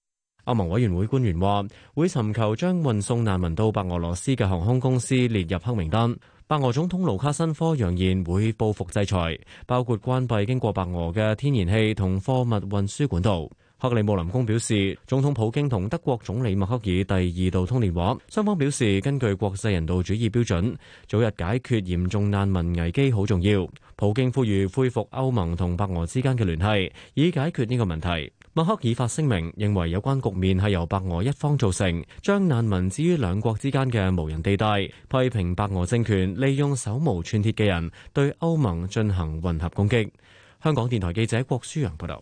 歐盟委員會官員話，會尋求將運送難民到白俄羅斯嘅航空公司列入黑名單。白俄總統盧卡申科揚言會報復制裁，包括關閉經過白俄嘅天然氣同貨物運輸管道。克里姆林宮表示，總統普京同德國總理默克爾第二度通電話，雙方表示根據國際人道主義標準，早日解決嚴重難民危機好重要。普京呼籲恢復歐盟同白俄之間嘅聯繫，以解決呢個問題。默克爾發聲明，認為有關局面係由白俄一方造成，將難民置於兩國之間嘅無人地帶，批評白俄政權利用手無寸鐵嘅人對歐盟進行混合攻擊。香港電台記者郭舒揚報道。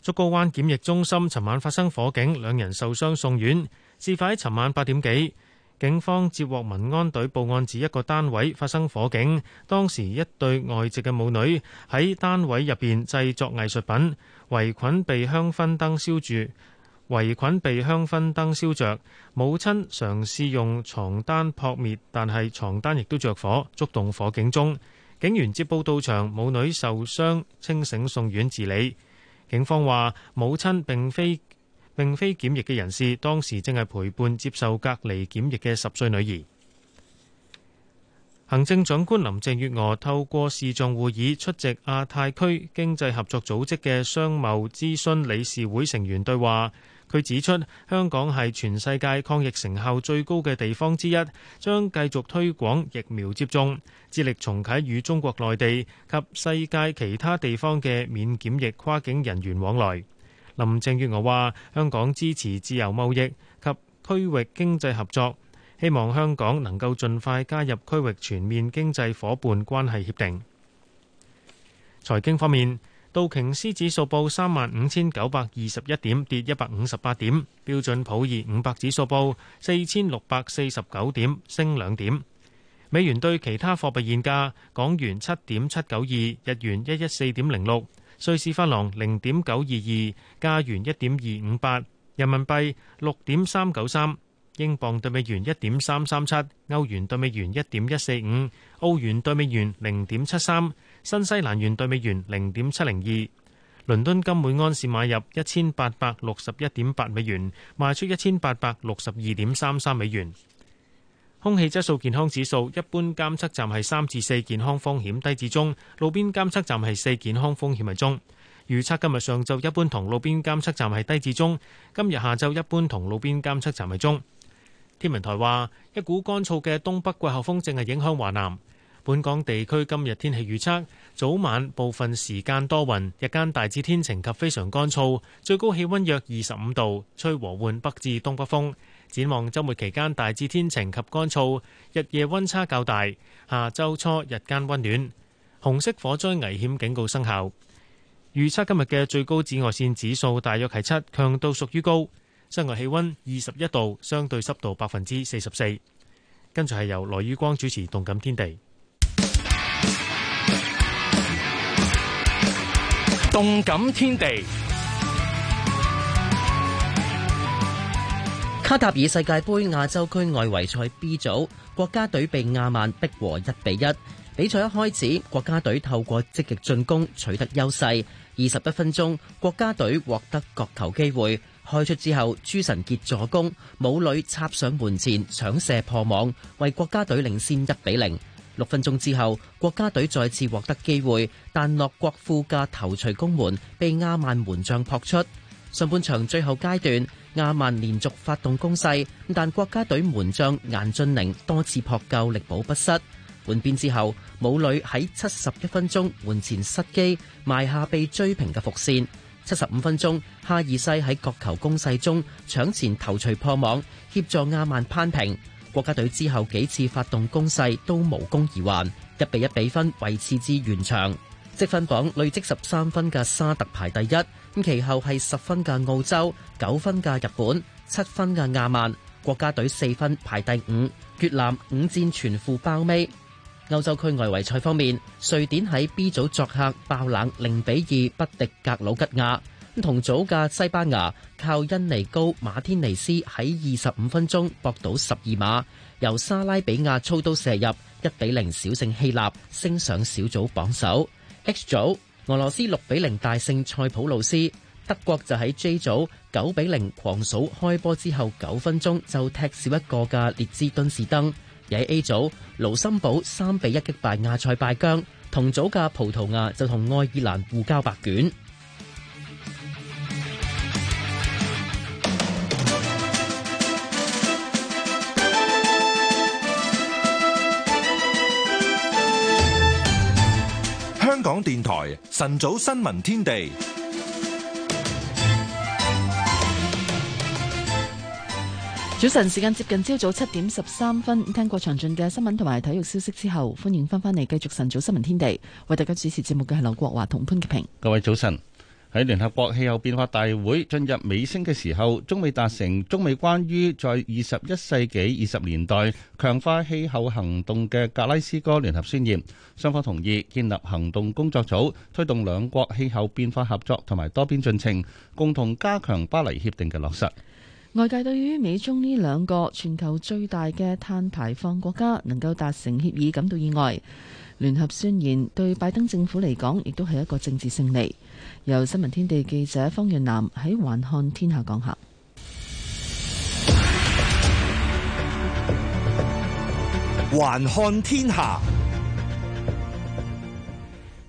竹篙灣檢疫中心尋晚發生火警，兩人受傷送院。事發喺尋晚八點幾，警方接獲民安隊報案，指一個單位發生火警，當時一對外籍嘅母女喺單位入邊製作藝術品。圍裙被香薰燈燒住，圍裙被香薰燈燒着。母親嘗試用床單撲滅，但係床單亦都着火，觸動火警鐘。警員接報到場，母女受傷，清醒送院治理。警方話，母親並非並非檢疫嘅人士，當時正係陪伴接受隔離檢疫嘅十歲女兒。行政長官林鄭月娥透過視像會議出席亞太區經濟合作組織嘅商貿咨詢理事會成員對話。佢指出，香港係全世界抗疫成效最高嘅地方之一，將繼續推廣疫苗接種，致力重啟與中國內地及世界其他地方嘅免檢疫跨境人員往來。林鄭月娥話：香港支持自由貿易及區域經濟合作。希望香港能夠盡快加入區域全面經濟夥伴關係協定。財經方面，道瓊斯指數報三萬五千九百二十一點，跌一百五十八點；標準普爾五百指數報四千六百四十九點，升兩點。美元對其他貨幣現價：港元七點七九二，日元一一四點零六，瑞士法郎零點九二二，加元一點二五八，人民幣六點三九三。英鎊兌美元一點三三七，歐元兌美元一點一四五，澳元兌美元零點七三，新西蘭元兌美元零點七零二。倫敦金每安士買入一千八百六十一點八美元，賣出一千八百六十二點三三美元。空氣質素健康指數，一般監測站係三至四健康風險低至中，路邊監測站係四健康風險係中。預測今日上晝一般同路邊監測站係低至中，今日下晝一般同路邊監測站係中。天文台話一股乾燥嘅東北季候風正係影響華南，本港地區今日天氣預測，早晚部分時間多雲，日間大致天晴及非常乾燥，最高氣溫約二十五度，吹和緩北至東北風。展望周末期間大致天晴及乾燥，日夜温差較大。下周初日間温暖。紅色火災危險警告生效。預測今日嘅最高紫外線指數大約係七，強度屬於高。室外氣溫二十一度，相對濕度百分之四十四。跟住係由羅宇光主持《動感天地》。《動感天地》卡塔爾世界杯亞洲區外圍賽 B 組，國家隊被亞曼逼和一比一。比賽一開始，國家隊透過積極進攻取得優勢。二十一分鐘，國家隊獲得角球機會。開出之後，朱晨傑助攻，武磊插上門前搶射破網，為國家隊領先一比零。六分鐘之後，國家隊再次獲得機會，但洛國富嘅頭槌攻門被阿曼門將撲出。上半場最後階段，阿曼連續發動攻勢，但國家隊門將顏駿凌多次撲救，力保不失。換邊之後，武磊喺七十一分鐘門前失機，埋下被追平嘅伏線。七十五分鐘，哈爾西喺角球攻勢中搶前頭鎚，破網協助亞曼攀平。國家隊之後幾次發動攻勢都無功而還，一比一比分維持至完場。積分榜累積十三分嘅沙特排第一，咁其後係十分嘅澳洲、九分嘅日本、七分嘅亞曼，國家隊四分排第五，越南五戰全負包尾。歐洲區外圍賽方面，瑞典喺 B 組作客爆冷零比二不敵格魯吉亞。同組嘅西班牙靠恩尼高馬天尼斯喺二十五分鐘搏到十二碼，由莎拉比亞操刀射入，一比零小勝希臘，升上小組榜首。H 組俄羅斯六比零大勝塞浦路斯，德國就喺 J 組九比零狂掃開波之後九分鐘就踢少一個嘅列支敦士登。喺 A 組，盧森堡三比一擊敗亞塞拜疆，同組嘅葡萄牙就同愛爾蘭互交白卷。香港電台晨早新聞天地。早晨，時間接近朝早七點十三分，聽過詳盡嘅新聞同埋體育消息之後，歡迎翻翻嚟繼續晨早新聞天地。為大家主持節目嘅係劉國華同潘潔平。各位早晨！喺聯合國氣候變化大會進入尾聲嘅時候，中美達成中美關於在二十一世紀二十年代強化氣候行動嘅格拉斯哥聯合宣言，雙方同意建立行動工作組，推動兩國氣候變化合作同埋多邊進程，共同加強巴黎協定嘅落實。外界對於美中呢兩個全球最大嘅碳排放國家能夠達成協議感到意外。聯合宣言對拜登政府嚟講，亦都係一個政治勝利。由新聞天地記者方月南喺《環看天下》講下，《環看天下》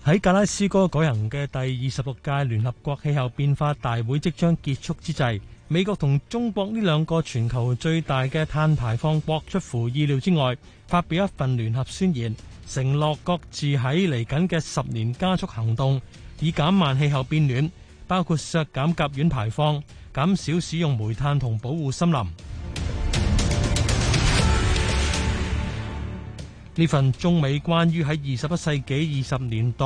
喺格拉斯哥舉行嘅第二十六屆聯合國氣候變化大會即將結束之際，美國同中國呢兩個全球最大嘅碳排放國出乎意料之外，發表一份聯合宣言，承諾各自喺嚟緊嘅十年加速行動，以減慢氣候變暖，包括削減甲烷排放、減少使用煤炭同保護森林。呢 份中美關於喺二十一世紀二十年代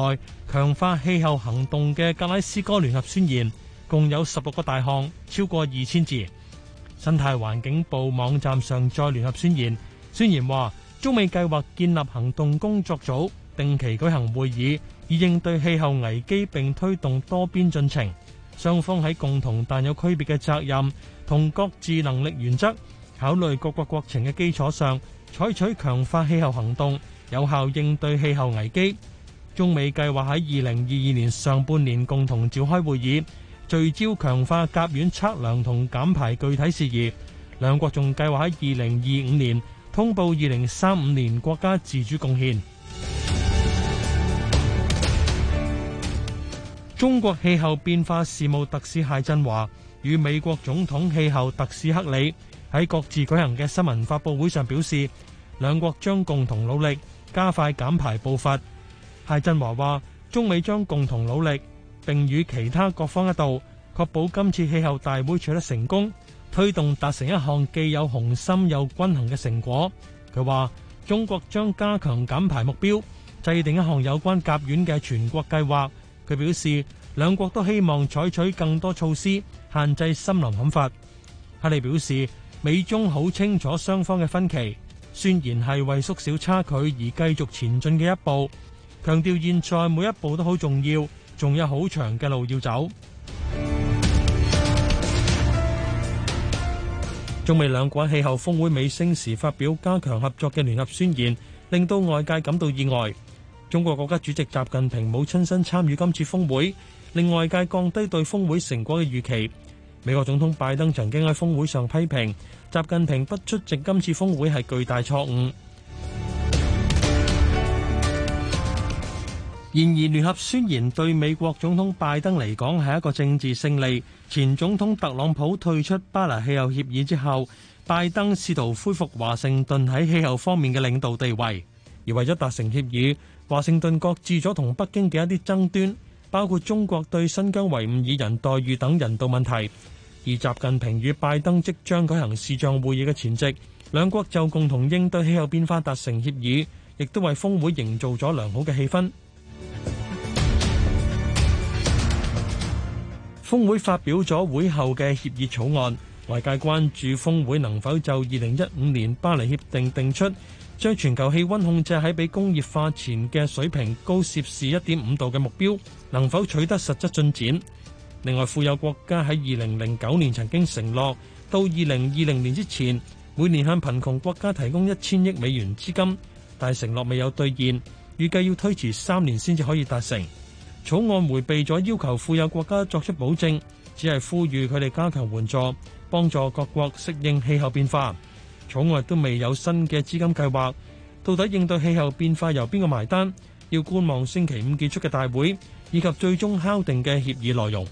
強化氣候行動嘅《格拉斯哥聯合宣言》。共有十六個大項，超過二千字。生態環境部網站上再聯合宣言，宣言話中美計劃建立行動工作組，定期舉行會議，以應對氣候危機，並推動多邊進程。雙方喺共同但有區別嘅責任同各自能力原則，考慮各國國情嘅基礎上，採取強化氣候行動，有效應對氣候危機。中美計劃喺二零二二年上半年共同召開會議。聚焦強化甲烷測量同減排具體事宜，兩國仲計劃喺二零二五年通報二零三五年國家自主貢獻。中國氣候變化事務特使謝振華與美國總統氣候特使克里喺各自舉行嘅新聞發佈會上表示，兩國將共同努力加快減排步伐。謝振華話：中美將共同努力。並與其他各方一道，確保今次氣候大會取得成功，推動達成一項既有雄心又均衡嘅成果。佢話：中國將加強減排目標，制定一項有關甲烷嘅全國計劃。佢表示，兩國都希望採取更多措施限制森林砍伐。哈利表示，美中好清楚雙方嘅分歧，宣言係為縮小差距而繼續前進嘅一步，強調現在每一步都好重要。仲有好長嘅路要走。中美兩國喺氣候峰會尾聲時發表加強合作嘅聯合宣言，令到外界感到意外。中國國家主席習近平冇親身參與今次峰會，令外界降低對峰會成果嘅預期。美國總統拜登曾經喺峰會上批評習近平不出席今次峰會係巨大錯誤。然而，聯合宣言對美國總統拜登嚟講係一個政治勝利。前總統特朗普退出巴黎氣候協議之後，拜登試圖恢復華盛頓喺氣候方面嘅領導地位。而為咗達成協議，華盛頓擱置咗同北京嘅一啲爭端，包括中國對新疆維吾爾人待遇等人道問題。而習近平與拜登即將舉行視像會議嘅前夕，兩國就共同應對氣候變化達成協議，亦都為峯會營造咗良好嘅氣氛。峯會發表咗會後嘅協議草案，外界關注峯會能否就二零一五年巴黎協定定出將全球氣溫控制喺比工業化前嘅水平高攝氏一點五度嘅目標，能否取得實質進展？另外，富有國家喺二零零九年曾經承諾到二零二零年之前每年向貧窮國家提供一千億美元資金，但承諾未有兌現。預計要推遲三年先至可以達成。草案回避咗要求富有國家作出保證，只係呼籲佢哋加強援助，幫助各國適應氣候變化。草案都未有新嘅資金計劃。到底應對氣候變化由邊個埋單？要觀望星期五結束嘅大會以及最終敲定嘅協議內容。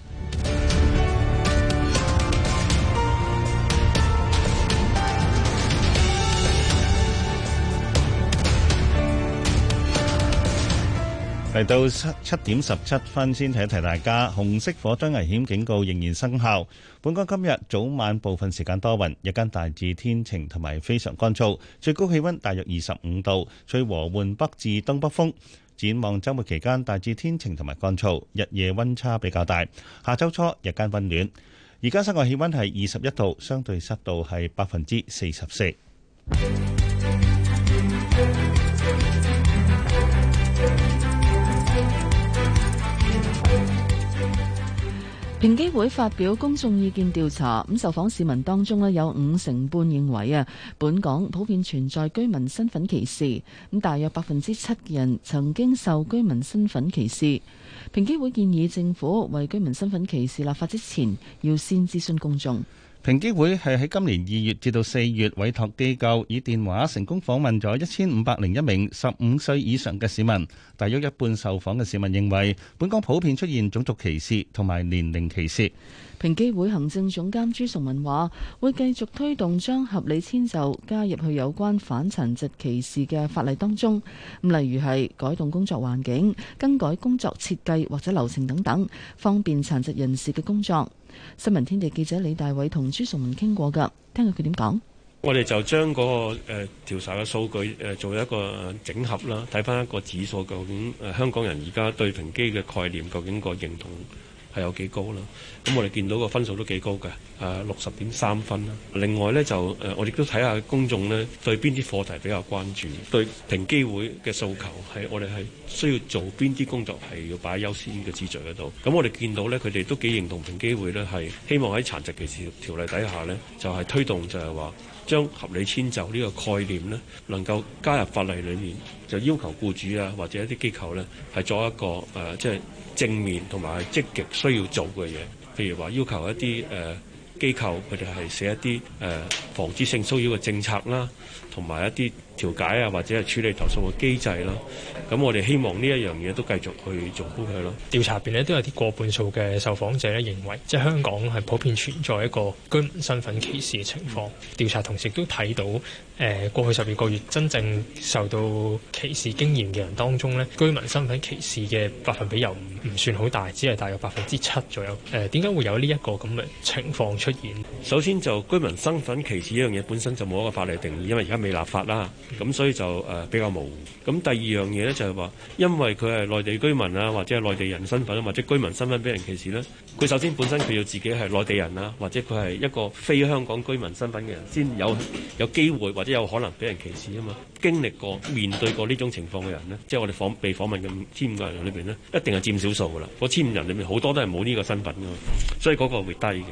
嚟到七七點十七分先提一提大家，紅色火災危險警告仍然生效。本港今日早晚部分時間多雲，日間大致天晴同埋非常乾燥，最高氣温大約二十五度，吹和緩北至東北風。展望周末期間大致天晴同埋乾燥，日夜温差比較大。下周初日間温暖。而家室外氣温係二十一度，相對濕度係百分之四十四。平機會發表公眾意見調查，咁受訪市民當中咧有五成半認為啊，本港普遍存在居民身份歧視，咁大約百分之七人曾經受居民身份歧視。平機會建議政府為居民身份歧視立法之前，要先諮詢公眾。平機會係喺今年二月至到四月委託機構以電話成功訪問咗一千五百零一名十五歲以上嘅市民，大約一半受訪嘅市民認為本港普遍出現種族歧視同埋年齡歧視。平機會行政總監朱崇文話：會繼續推動將合理遷就加入去有關反殘疾歧視嘅法例當中，例如係改動工作環境、更改工作設計或者流程等等，方便殘疾人士嘅工作。新聞天地記者李大偉同朱崇文傾過㗎，聽下佢點講。我哋就將嗰、那個誒調查嘅數據誒、呃、做一個整合啦，睇返一個指數究竟誒、呃、香港人而家對平機嘅概念究竟個認同。係有幾高啦？咁我哋見到個分數都幾高嘅，誒六十點三分啦。另外咧就誒、呃，我哋都睇下公眾咧對邊啲課題比較關注，對平機會嘅訴求係我哋係需要做邊啲工作係要擺喺優先嘅資序嗰度。咁我哋見到咧，佢哋都幾認同平機會咧係希望喺殘疾歧視條例底下咧，就係、是、推動就係話將合理遷就呢個概念咧能夠加入法例裡面，就要求僱主啊或者一啲機構咧係作一個誒即係。呃就是正面同埋係積極需要做嘅嘢，譬如話要求一啲誒機構佢哋係寫一啲誒、呃、防止性騷擾嘅政策啦，同埋一啲。調解啊，或者係處理投訴嘅機制啦。咁我哋希望呢一樣嘢都繼續去做鋪佢咯。調查邊呢，都有啲過半數嘅受訪者咧認為，即係香港係普遍存在一個居民身份歧視嘅情況。調查同時亦都睇到，誒過去十二個月真正受到歧視經驗嘅人當中呢，居民身份歧視嘅百分比又唔算好大，只係大約百分之七左右。誒點解會有呢一個咁嘅情況出現？首先就居民身份歧視呢樣嘢本身就冇一個法例定義，因為而家未立法啦。咁、嗯、所以就誒、呃、比較模糊。咁、嗯、第二樣嘢咧就係話，因為佢係內地居民啊，或者係內地人身份，或者居民身份俾人歧視咧。佢首先本身佢要自己係內地人啊，或者佢係一個非香港居民身份嘅人，先有有機會或者有可能俾人歧視啊嘛。經歷過面對過呢種情況嘅人呢，即係我哋訪被訪問嘅千五個人裏邊呢，一定係佔少數㗎啦。嗰千五人裏面好多都係冇呢個身份㗎，所以嗰個會低嘅。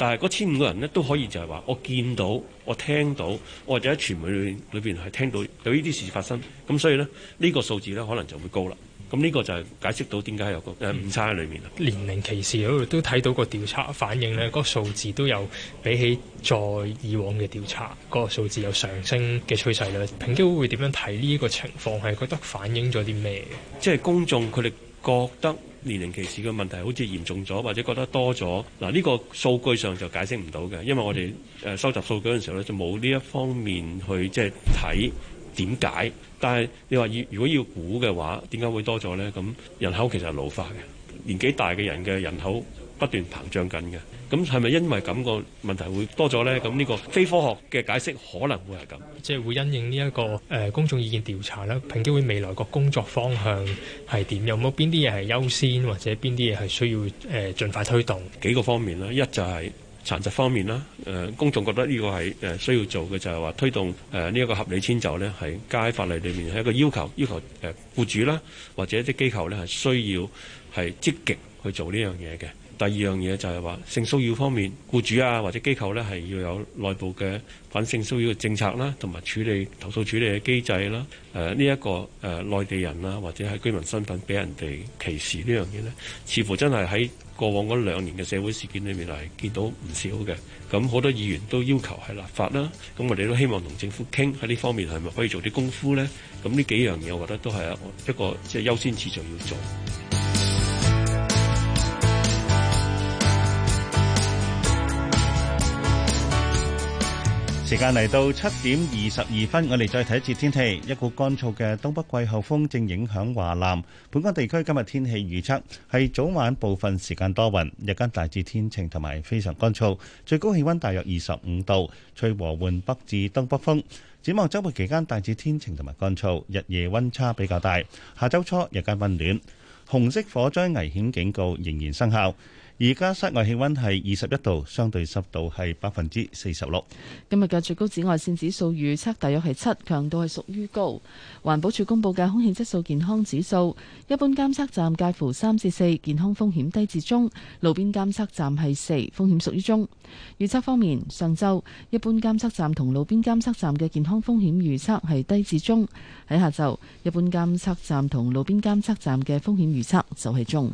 但係嗰千五個人咧都可以就係話，我見到，我聽到，或者喺傳媒裏邊係聽到有呢啲事發生，咁所以咧呢、這個呢數字咧可能就會高啦。咁呢個就係解釋到點解有個誤差喺裏面啦。年齡歧視嗰度都睇到個調查反應咧，嗰、嗰個數字都有比起再以往嘅調查嗰、嗰個數字有上升嘅趨勢啦。平機會會點樣睇呢一個情況係覺得反映咗啲咩？即係公眾佢哋覺得。年齡歧視嘅問題好似嚴重咗，或者覺得多咗嗱，呢個數據上就解釋唔到嘅，因為我哋誒收集數據嘅時候咧，就冇呢一方面去即係睇點解。但係你話要如果要估嘅話，點解會多咗咧？咁人口其實係老化嘅，年紀大嘅人嘅人口不斷膨脹緊嘅。咁係咪因為咁個問題會多咗呢？咁呢個非科學嘅解釋可能會係咁。即係會因應呢一個誒公眾意見調查啦，平機會未來個工作方向係點？有冇邊啲嘢係優先，或者邊啲嘢係需要誒盡快推動？幾個方面啦，一就係殘疾方面啦。誒、呃，公眾覺得呢個係誒需要做嘅就係、是、話推動誒呢一個合理遷就呢，係加喺法例裡面係一個要求，要求誒僱主啦或者啲機構呢係需要係積極去做呢樣嘢嘅。第二樣嘢就係話性騷擾方面，僱主啊或者機構咧係要有內部嘅反性騷擾嘅政策啦，同埋處理投訴處理嘅機制啦。誒呢一個誒內地人啦，或者係居民身份俾人哋歧視呢樣嘢咧，似乎真係喺過往嗰兩年嘅社會事件裏面係見到唔少嘅。咁好多議員都要求係立法啦，咁我哋都希望同政府傾喺呢方面係咪可以做啲功夫咧？咁呢幾樣嘢我覺得都係一個即係優先次序要做。時間嚟到七點二十二分，我哋再睇一次天氣。一股乾燥嘅東北季候風正影響華南本港地區。今日天氣預測係早晚部分時間多雲，日間大致天晴同埋非常乾燥，最高氣温大約二十五度，吹和緩北至東北風。展望週末期間大致天晴同埋乾燥，日夜温差比較大。下周初日間温暖。紅色火災危險警告仍然生效。而家室外氣溫係二十一度，相對濕度係百分之四十六。今日嘅最高紫外線指數預測大約係七，強度係屬於高。環保署公布嘅空氣質素健康指數，一般監測站介乎三至四，健康風險低至中；路邊監測站係四，風險屬於中。預測方面，上晝一般監測站同路邊監測站嘅健康風險預測係低至中；喺下晝，一般監測站同路邊監測站嘅風險預測就係中。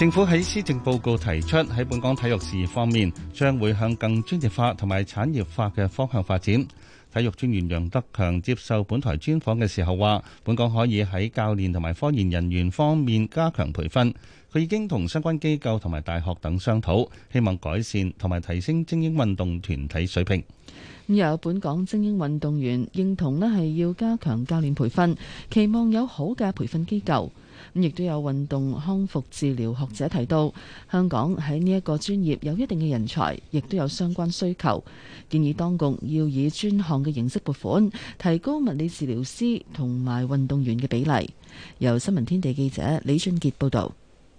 政府喺施政報告提出喺本港體育事業方面，將會向更專業化同埋產業化嘅方向發展。體育專員楊德強接受本台專訪嘅時候話，本港可以喺教練同埋科研人員方面加強培訓，佢已經同相關機構同埋大學等商討，希望改善同埋提升精英運動團體水平。咁有本港精英運動員認同呢，係要加強教練培訓，期望有好嘅培訓機構。咁亦都有運動康復治療學者提到，香港喺呢一個專業有一定嘅人才，亦都有相關需求，建議當局要以專項嘅形式撥款，提高物理治療師同埋運動員嘅比例。由新聞天地記者李俊傑報導，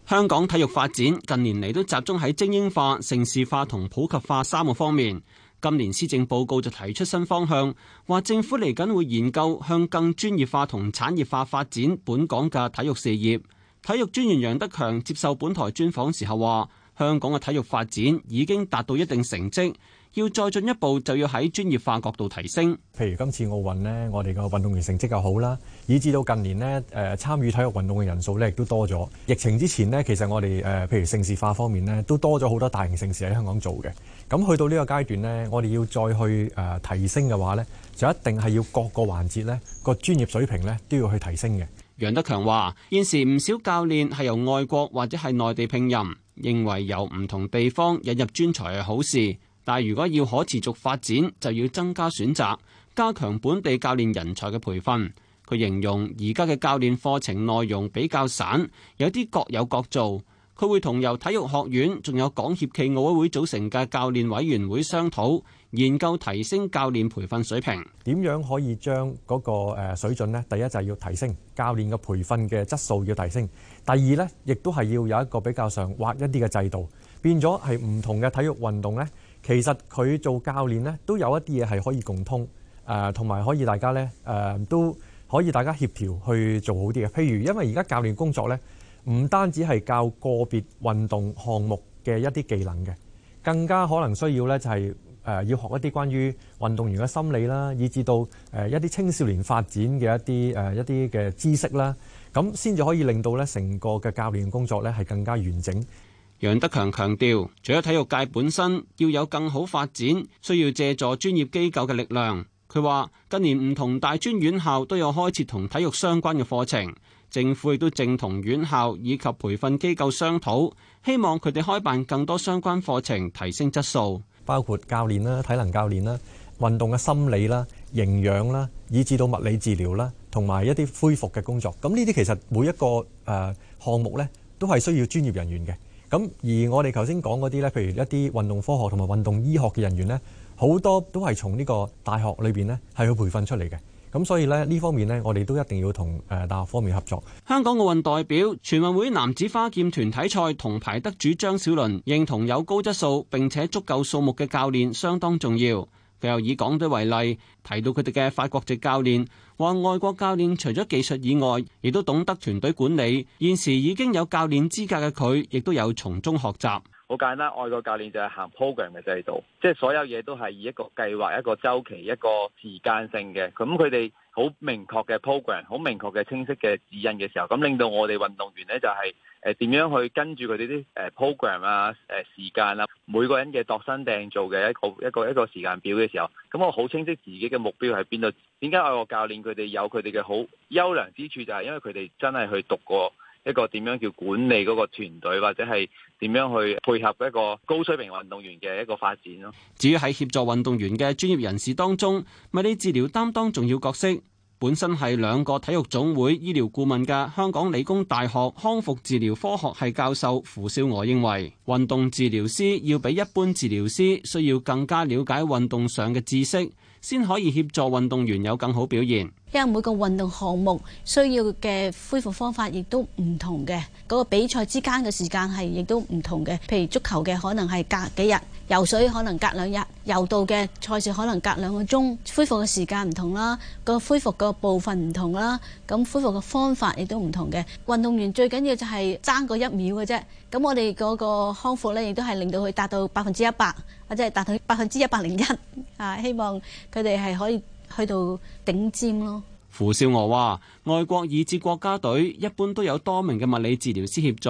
香港體育發展近年嚟都集中喺精英化、城市化同普及化三個方面。今年施政報告就提出新方向，話政府嚟緊會研究向更專業化同產業化發展本港嘅體育事業。體育專員楊德強接受本台專訪時候，話，香港嘅體育發展已經達到一定成績，要再進一步就要喺專業化角度提升。譬如今次奧運呢，我哋嘅運動員成績又好啦，以至到近年呢，誒參與體育運動嘅人數咧亦都多咗。疫情之前呢，其實我哋誒，譬如城市化方面呢，都多咗好多大型城市喺香港做嘅。咁去到呢個階段呢，我哋要再去誒提升嘅話呢，就一定係要各個環節呢個專業水平呢都要去提升嘅。楊德強話：現時唔少教練係由外國或者係內地聘任，認為由唔同地方引入專才係好事。但係如果要可持續發展，就要增加選擇，加強本地教練人才嘅培訓。佢形容而家嘅教練課程內容比較散，有啲各有各做。佢會同由體育學院，仲有港協暨奧委會組成嘅教練委員會商討，研究提升教練培訓水平。點樣可以將嗰個誒水準咧？第一就係要提升教練嘅培訓嘅質素要提升。第二咧，亦都係要有一個比較上劃一啲嘅制度，變咗係唔同嘅體育運動咧，其實佢做教練咧都有一啲嘢係可以共通，誒同埋可以大家咧誒都可以大家協調去做好啲嘅。譬如因為而家教練工作咧。唔單止係教個別運動項目嘅一啲技能嘅，更加可能需要咧就係誒要學一啲關於運動員嘅心理啦，以至到誒一啲青少年發展嘅一啲誒一啲嘅知識啦，咁先至可以令到咧成個嘅教練工作咧係更加完整。楊德強強調，除咗體育界本身要有更好發展，需要借助專業機構嘅力量。佢話，近年唔同大專院校都有開設同體育相關嘅課程。政府亦都正同院校以及培訓機構商討，希望佢哋開辦更多相關課程，提升質素，包括教練啦、體能教練啦、運動嘅心理啦、營養啦，以至到物理治療啦，同埋一啲恢復嘅工作。咁呢啲其實每一個誒項目咧，都係需要專業人員嘅。咁而我哋頭先講嗰啲咧，譬如一啲運動科學同埋運動醫學嘅人員咧，好多都係從呢個大學裏邊咧係去培訓出嚟嘅。咁所以咧呢方面呢，我哋都一定要同誒大學方面合作。香港奧運代表全運會男子花劍團體賽銅牌得主張小倫認同有高質素並且足夠數目嘅教練相當重要。佢又以港隊為例，提到佢哋嘅法國籍教練話，外國教練除咗技術以外，亦都懂得團隊管理。現時已經有教練資格嘅佢，亦都有從中學習。好簡單，外國教練就係行 program 嘅制度，即係所有嘢都係以一個計劃、一個週期、一個時間性嘅。咁佢哋好明確嘅 program，好明確嘅清晰嘅指引嘅時候，咁令到我哋運動員呢就係誒點樣去跟住佢哋啲誒 program 啊、誒時間啊，每個人嘅度身訂造嘅一個一個一個時間表嘅時候，咁我好清晰自己嘅目標喺邊度。點解外國教練佢哋有佢哋嘅好優良之處，就係因為佢哋真係去讀過。一個點樣叫管理嗰個團隊，或者係點樣去配合一個高水平運動員嘅一個發展咯。至於喺協助運動員嘅專業人士當中，物理治療擔當重要角色。本身係兩個體育總會醫療顧問嘅香港理工大學康復治療科學系教授胡少娥認為，運動治療師要比一般治療師需要更加了解運動上嘅知識。先可以協助運動員有更好表現，因為每個運動項目需要嘅恢復方法亦都唔同嘅。嗰個比賽之間嘅時間係亦都唔同嘅。譬如足球嘅可能係隔幾日，游水可能隔兩日，柔道嘅賽事可能隔兩個鐘，恢復嘅時間唔同啦，個恢復個部分唔同啦，咁恢復嘅方法亦都唔同嘅。運動員最緊要就係爭嗰一秒嘅啫。咁我哋嗰個康復咧，亦都係令到佢達到百分之一百，或者係達到百分之一百零一啊！希望佢哋係可以去到頂尖咯。胡少娥話，外國以至國家隊一般都有多名嘅物理治療師協助，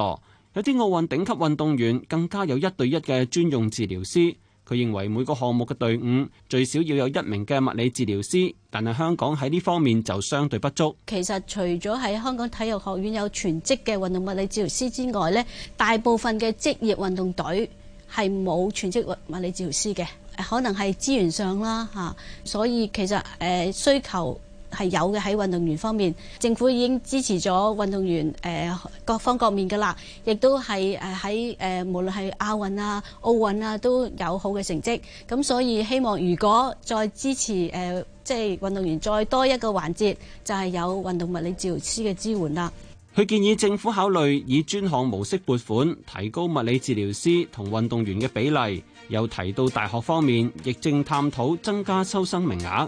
有啲奧運頂級運動員更加有一對一嘅專用治療師。佢認為每個項目嘅隊伍最少要有一名嘅物理治療師，但係香港喺呢方面就相對不足。其實除咗喺香港體育學院有全職嘅運動物理治療師之外呢，大部分嘅職業運動隊係冇全職物理治療師嘅，可能係資源上啦吓，所以其實誒、呃、需求。係有嘅。喺運動員方面，政府已經支持咗運動員誒、呃、各方各面噶啦，亦都係誒喺誒無論係亞運啊、奧運啊都有好嘅成績，咁所以希望如果再支持誒、呃、即係運動員再多一個環節，就係、是、有運動物理治療師嘅支援啦。佢建議政府考慮以專項模式撥款，提高物理治療師同運動員嘅比例，又提到大學方面亦正探討增加收生名額。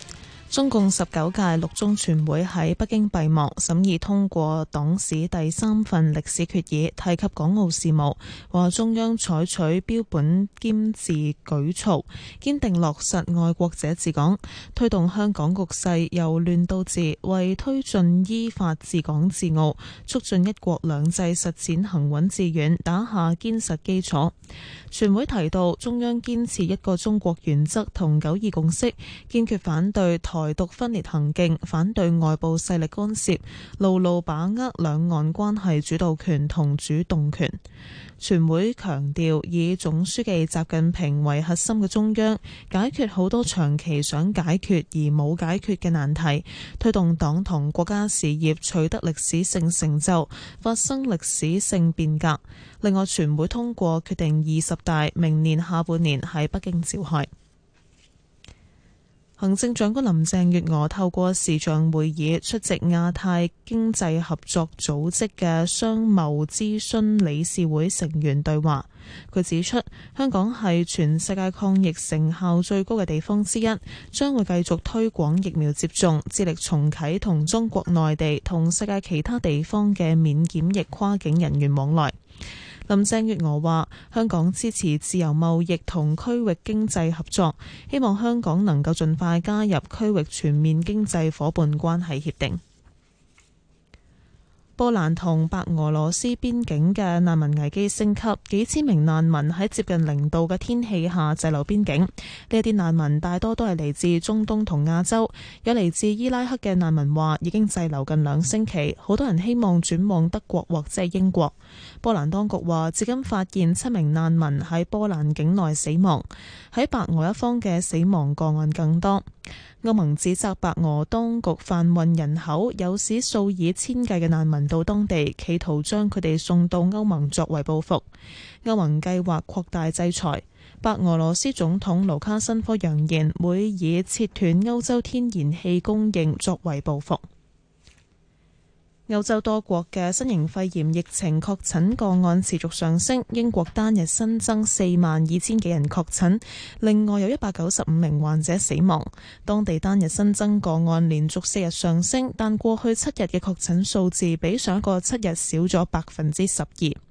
中共十九屆六中全會喺北京閉幕，審議通過黨史第三份歷史決議提及港澳事務話中央採取標本兼治舉措，堅定落實愛國者治港，推動香港局勢由亂到治，為推進依法治港治澳、促進一國兩制實踐行穩致遠打下堅實基礎，全會提到，中央堅持一個中國原則同九二共識堅決反對台，台獨分裂行徑，反對外部勢力干涉，牢牢把握兩岸關係主導權同主動權。全會強調，以總書記習近平為核心嘅中央，解決好多長期想解決而冇解決嘅難題，推動黨同國家事業取得歷史性成就，發生歷史性變革。另外，全會通過決定，二十大明年下半年喺北京召開。行政長官林鄭月娥透過視像會議出席亞太經濟合作組織嘅商貿諮詢理事會成員對話。佢指出，香港係全世界抗疫成效最高嘅地方之一，將會繼續推廣疫苗接種，致力重啟同中國內地同世界其他地方嘅免檢疫跨境人員往來。林鄭月娥話：香港支持自由貿易同區域經濟合作，希望香港能夠盡快加入區域全面經濟伙伴關係協定。波蘭同白俄羅斯邊境嘅難民危機升級，幾千名難民喺接近零度嘅天氣下滯留邊境。呢啲難民大多都係嚟自中東同亞洲，有嚟自伊拉克嘅難民話已經滯留近兩星期，好多人希望轉往德國或者係英國。波蘭當局話，至今發現七名難民喺波蘭境內死亡，喺白俄一方嘅死亡個案更多。歐盟指責白俄當局販運人口，有史數以千計嘅難民到當地，企圖將佢哋送到歐盟作為報復。歐盟計劃擴大制裁。白俄羅斯總統盧卡申科揚言會以切斷歐洲天然氣供應作為報復。歐洲多國嘅新型肺炎疫情確診個案持續上升，英國單日新增四萬二千幾人確診，另外有一百九十五名患者死亡。當地單日新增個案連續四日上升，但過去七日嘅確診數字比上一個七日少咗百分之十二。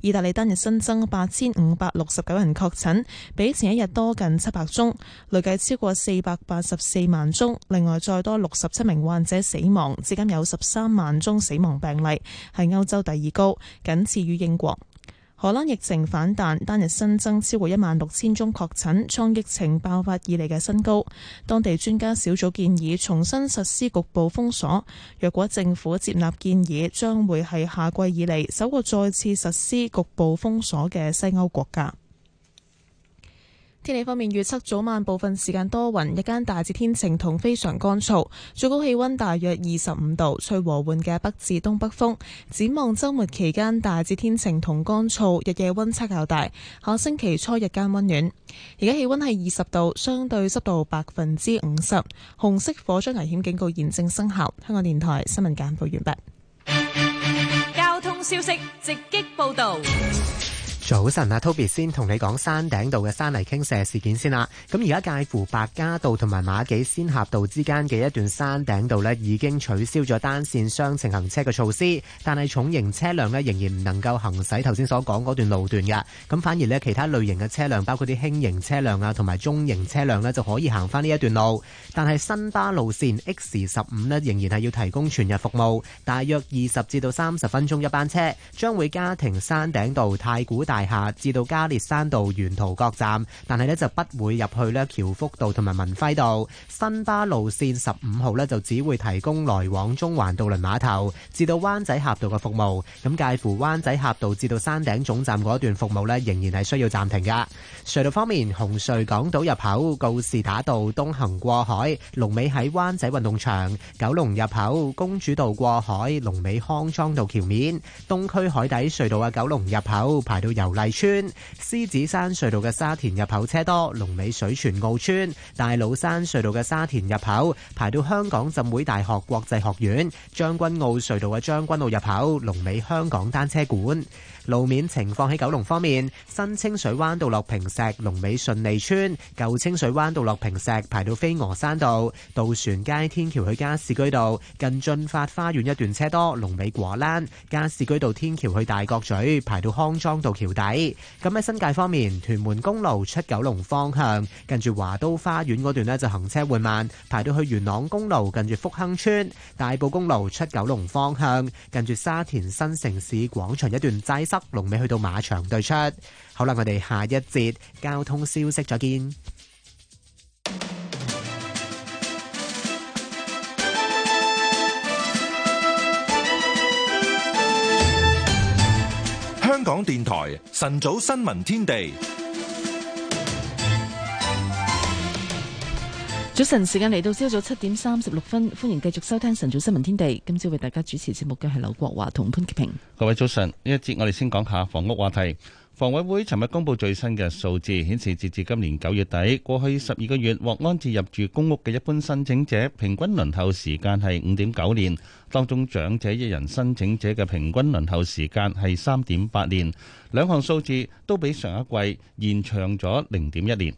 意大利單日新增八千五百六十九人確診，比前一日多近七百宗，累計超過四百八十四萬宗。另外，再多六十七名患者死亡，至今有十三萬宗死亡病例，係歐洲第二高，僅次於英國。荷蘭疫情反彈，單日新增超過一萬六千宗確診，創疫情爆發以嚟嘅新高。當地專家小組建議重新實施局部封鎖，若果政府接納建議，將會係夏季以嚟首個再次實施局部封鎖嘅西歐國家。天氣方面，預測早晚部分時間多雲，日間大致天晴同非常乾燥，最高氣温大約二十五度，吹和緩嘅北至東北風。展望周末期間大致天晴同乾燥，日夜温差較大，下星期初日間温暖。而家氣温係二十度，相對濕度百分之五十，紅色火災危險警告現正生效。香港電台新聞簡報完畢。交通消息直擊報道。早晨啊，Toby 先同你講山頂道嘅山泥傾瀉事件先啦。咁而家介乎白加道同埋馬己仙峽道之間嘅一段山頂道呢，已經取消咗單綫雙程行車嘅措施，但係重型車輛呢，仍然唔能夠行駛頭先所講嗰段路段嘅。咁反而呢，其他類型嘅車輛，包括啲輕型車輛啊，同埋中型車輛呢，就可以行翻呢一段路。但係新巴路綫 X 十五呢，仍然係要提供全日服務，大約二十至到三十分鐘一班車，將會加停山頂道太古大。大廈至到加列山道沿途各站，但係咧就不會入去咧橋福道同埋文輝道。新巴路線十五號咧就只會提供來往中環渡輪碼頭至到灣仔峽道嘅服務，咁介乎灣仔峽道至到山頂總站嗰一段服務咧仍然係需要暫停噶。隧道方面，紅隧港島入口告士打道東行過海，龍尾喺灣仔運動場；九龍入口公主道過海，龍尾康莊道橋面；東區海底隧道嘅九龍入口排到有。牛脷村、獅子山隧道嘅沙田入口車多，龍尾水泉澳村、大老山隧道嘅沙田入口排到香港浸會大學國際學院、將軍澳隧道嘅將軍澳入口龍尾香港單車館。路面情況喺九龍方面，新清水灣到落坪石、龍尾順利村、舊清水灣到落坪石排到飛鵝山道、渡船街天橋去加士居道，近俊發花園一段車多，龍尾果欄、加士居道天橋去大角咀排到康莊道橋底。咁喺新界方面，屯門公路出九龍方向，近住華都花園嗰段呢就行車緩慢，排到去元朗公路近住福亨村、大埔公路出九龍方向，近住沙田新城市廣場一段擠塞。龍尾去到馬場對出，好啦，我哋下一節交通消息再見。香港電台晨早新聞天地。早晨，時間嚟到朝早七點三十六分，歡迎繼續收聽晨早新聞天地。今朝為大家主持節目嘅係劉國華同潘潔平。各位早晨，呢一節我哋先講下房屋話題。房委會尋日公布最新嘅數字，顯示截至今年九月底，過去十二個月獲安置入住公屋嘅一般申請者平均輪候時間係五點九年，當中長者一人申請者嘅平均輪候時間係三點八年，兩項數字都比上一季延長咗零點一年。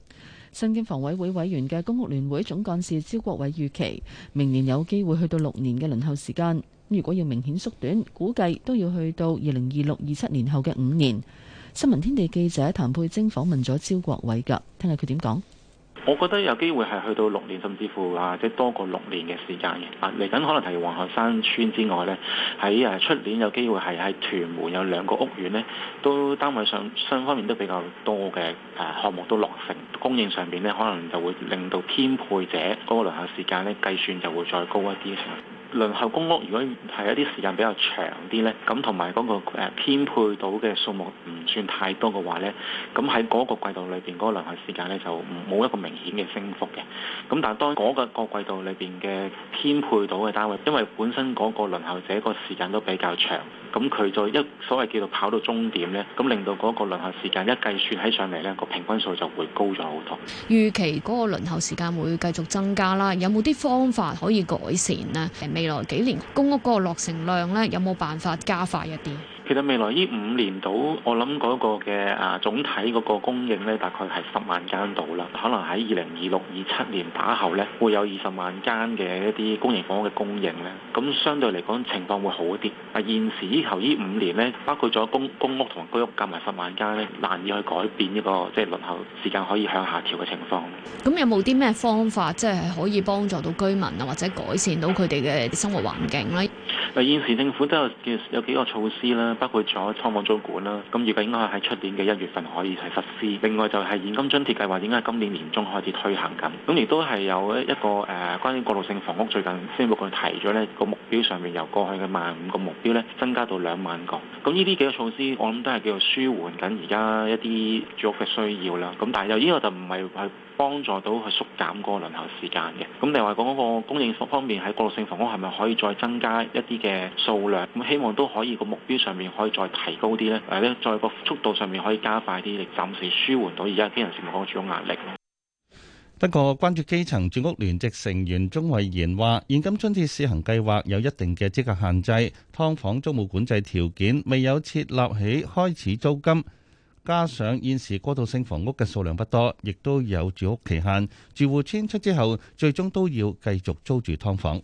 新經房委會委員嘅公屋聯會總幹事招國偉預期明年有機會去到六年嘅輪候時間，如果要明顯縮短，估計都要去到二零二六二七年後嘅五年。新聞天地記者譚佩貞訪問咗招國偉噶聽下佢點講。我覺得有機會係去到六年，甚至乎啊，即多過六年嘅時間嘅。啊，嚟緊可能係黃河山邨之外呢，喺啊出年有機會係喺屯門有兩個屋苑呢，都單位上雙方面都比較多嘅誒項目都落成，供應上面呢，可能就會令到編配者嗰個輪候時間呢計算就會再高一啲。輪候公屋如果係一啲時間比較長啲呢，咁同埋嗰個誒、呃、編配到嘅數目唔算太多嘅話呢，咁喺嗰個季度裏邊嗰個輪候時間呢就冇一個明顯嘅升幅嘅。咁但係當嗰個個季度裏邊嘅編配到嘅單位，因為本身嗰個輪候者個時間都比較長，咁佢就一所謂叫做跑到終點呢，咁令到嗰個輪候時間一計算起上嚟呢，個平均數就會高咗好多。預期嗰個輪候時間會繼續增加啦，有冇啲方法可以改善呢？未來幾年公屋個落成量咧，有冇辦法加快一啲？其實未來呢五年度，我諗嗰個嘅啊總體嗰個供應咧，大概係十萬間度啦。可能喺二零二六、二七年打後咧，會有二十萬間嘅一啲公營房屋嘅供應咧。咁、嗯、相對嚟講情況會好一啲。啊，現時呢頭呢五年咧，包括咗公公屋同埋居屋夾埋十萬間咧，難以去改變呢、這個即係輪候時間可以向下調嘅情況。咁有冇啲咩方法即係、就是、可以幫助到居民啊，或者改善到佢哋嘅生活環境咧？現時政府都有幾有幾個措施啦，包括咗劏房租管啦，咁預計應該係喺出年嘅一月份可以係實施。另外就係現金津貼計劃，應該係今年年中開始推行緊。咁亦都係有一一個誒、呃，關於過渡性房屋最近先冇佢提咗呢個目標上面由過去嘅萬五個目標咧增加到兩萬個。咁呢啲幾個措施，我諗都係叫做舒緩緊而家一啲住屋嘅需要啦。咁但係又呢個就唔係。幫助到去縮減個輪候時間嘅，咁另外講個供應方方面，喺過渡性房屋係咪可以再增加一啲嘅數量？咁希望都可以個目標上面可以再提高啲呢。誒咧，在個速度上面可以加快啲，嚟暫時舒緩到而家啲人住屋嘅住屋壓力。不過，關注基層住屋聯席成員鍾慧賢話，現金津貼試行計劃有一定嘅資格限制，劏房租務管制條件未有設立起開始租金，加上現時過渡性房屋嘅數量不多，亦都有住屋期限，住戶遷出之後，最終都要繼續租住劏房。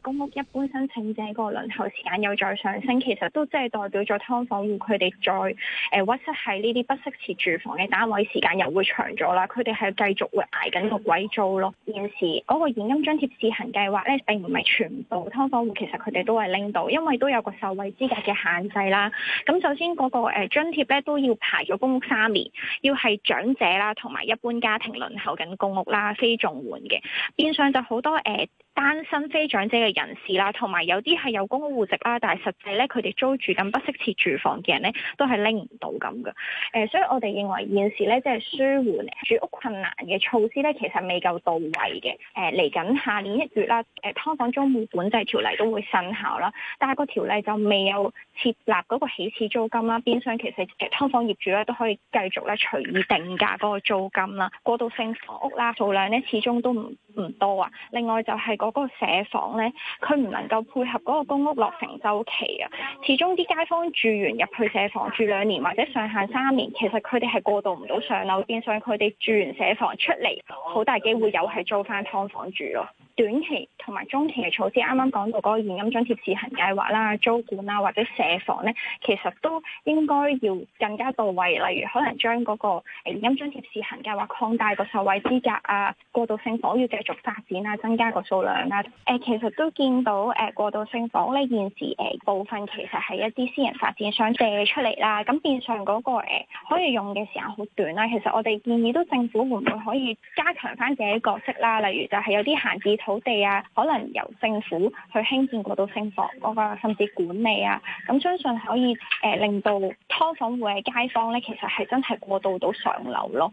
公屋一般申請者個輪候時間又再上升，其實都即係代表咗劏房戶佢哋再誒、呃、屈塞喺呢啲不適切住房嘅單位時間又會長咗啦。佢哋係繼續會挨緊個鬼租咯。現時嗰個現金津貼試行計劃咧，並唔係全部劏房戶，其實佢哋都係拎到，因為都有個受惠資格嘅限制啦。咁首先嗰個津貼咧都要排咗公屋三年，要係長者啦同埋一般家庭輪候緊公屋啦，非綜援嘅。變相就好多誒。呃單身非長者嘅人士啦，同埋有啲係有公屋戶籍啦，但係實際咧佢哋租住緊不適切住房嘅人咧，都係拎唔到咁嘅。誒、呃，所以我哋認為現時咧即係舒緩住屋困難嘅措施咧，其實未夠到位嘅。誒、呃，嚟緊下年一月啦，誒、呃、劏房租務管制條例都會生效啦，但係個條例就未有設立嗰個起始租金啦，變相其實劏房業主咧都可以繼續咧隨意定價嗰個租金啦。過渡性房屋啦數量咧始終都唔唔多啊，另外就係嗰個社房呢，佢唔能夠配合嗰個公屋落成週期啊，始終啲街坊住完入去社房住兩年或者上限三年，其實佢哋係過渡唔到上樓，變相佢哋住完社房出嚟，好大機會又係租翻劏房住咯。短期同埋中期嘅措施，啱啱講到嗰個現金津貼試行計劃啦、租管啊或者社房咧，其實都應該要更加到位。例如可能將嗰個誒現金津貼試行計劃擴大個受惠資格啊，過渡性房要繼續發展啊，增加個數量啦。誒其實都見到誒過渡性房咧現時誒部分其實，係一啲私人發展想借出嚟啦，咁變相嗰個誒可以用嘅時間好短啦。其實我哋建議都政府會唔會可以加強翻自己角色啦？例如就係有啲閒置，土地啊，可能由政府去興建過渡性房嗰個，甚至管理啊，咁相信可以誒令到㓥房戶嘅街坊咧，其實係真係過渡到上樓咯。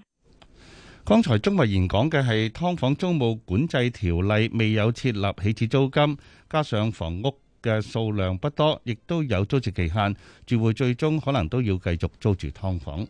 剛才鍾慧賢講嘅係㓥房租務管制條例未有設立起始租金，加上房屋嘅數量不多，亦都有租住期限，住戶最終可能都要繼續租住㓥房。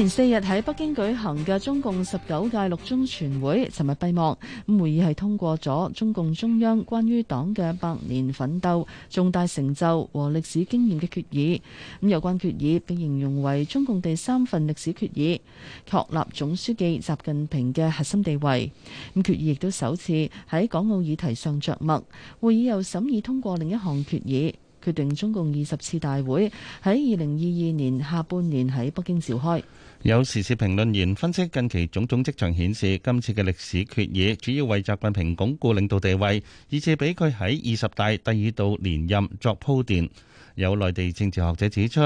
前四日喺北京舉行嘅中共十九屆六中全會，尋日閉幕。咁會議係通過咗中共中央關於黨嘅百年奮鬥重大成就和歷史經驗嘅決議。咁有關決議被形容為中共第三份歷史決議，確立總書記習近平嘅核心地位。決議亦都首次喺港澳議題上着墨。會議又審議通過另一項決議，決定中共二十次大會喺二零二二年下半年喺北京召開。有時事評論員分析，近期種種跡象顯示，今次嘅歷史決議主要為習近平鞏固領導地位，以至俾佢喺二十大第二度連任作鋪墊。有內地政治學者指出，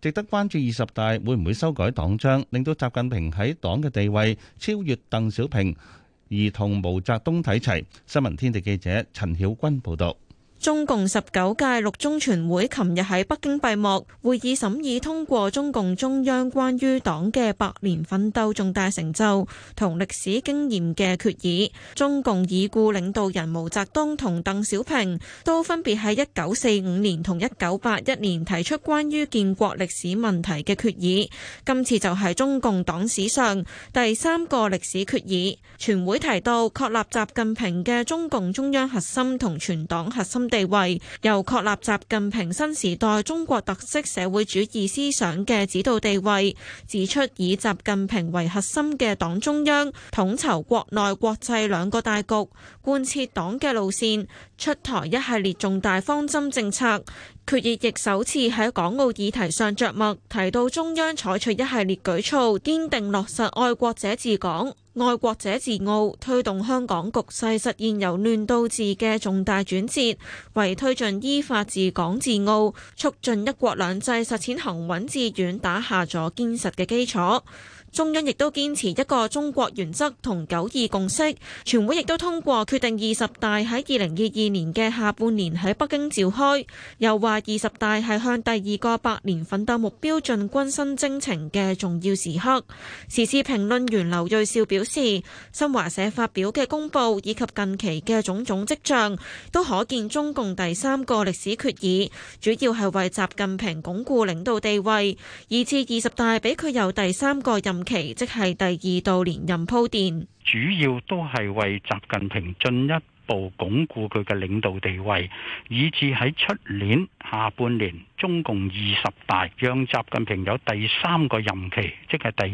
值得關注二十大會唔會修改黨章，令到習近平喺黨嘅地位超越鄧小平，而同毛澤東睇齊。新聞天地記者陳曉君報道。中共十九屆六中全會琴日喺北京閉幕，會議審議通過中共中央關於黨嘅百年奮鬥重大成就同歷史經驗嘅決議。中共已故領導人毛澤東同鄧小平都分別喺一九四五年同一九八一年提出關於建國歷史問題嘅決議，今次就係中共黨史上第三個歷史決議。全會提到確立習近平嘅中共中央核心同全黨核心地位，又確立習近平新時代中國特色社會主義思想嘅指導地位，指出以習近平為核心嘅黨中央統籌國內國際兩個大局，貫徹黨嘅路線，出台一系列重大方針政策。決議亦首次喺港澳議題上着墨，提到中央採取一系列舉措，堅定落實愛國者治港、愛國者治澳，推動香港局勢實現由亂到治嘅重大轉折，為推進依法治港治澳、促進一國兩制實踐行穩致遠打下咗堅實嘅基礎。中央亦都堅持一個中國原則同九二共識，全會亦都通過決定二十大喺二零二二年嘅下半年喺北京召開，又話二十大係向第二個百年奮鬥目標進軍新征程嘅重要時刻。時事評論員劉銳紹表示，新華社發表嘅公報以及近期嘅種種跡象，都可見中共第三個歷史決議主要係為習近平鞏固領導地位，以至二十大俾佢有第三個任命期即係第二度連任鋪墊，主要都係為習近平進一。部鞏固佢嘅領導地位，以至喺出年下半年中共二十大，讓習近平有第三個任期，即係第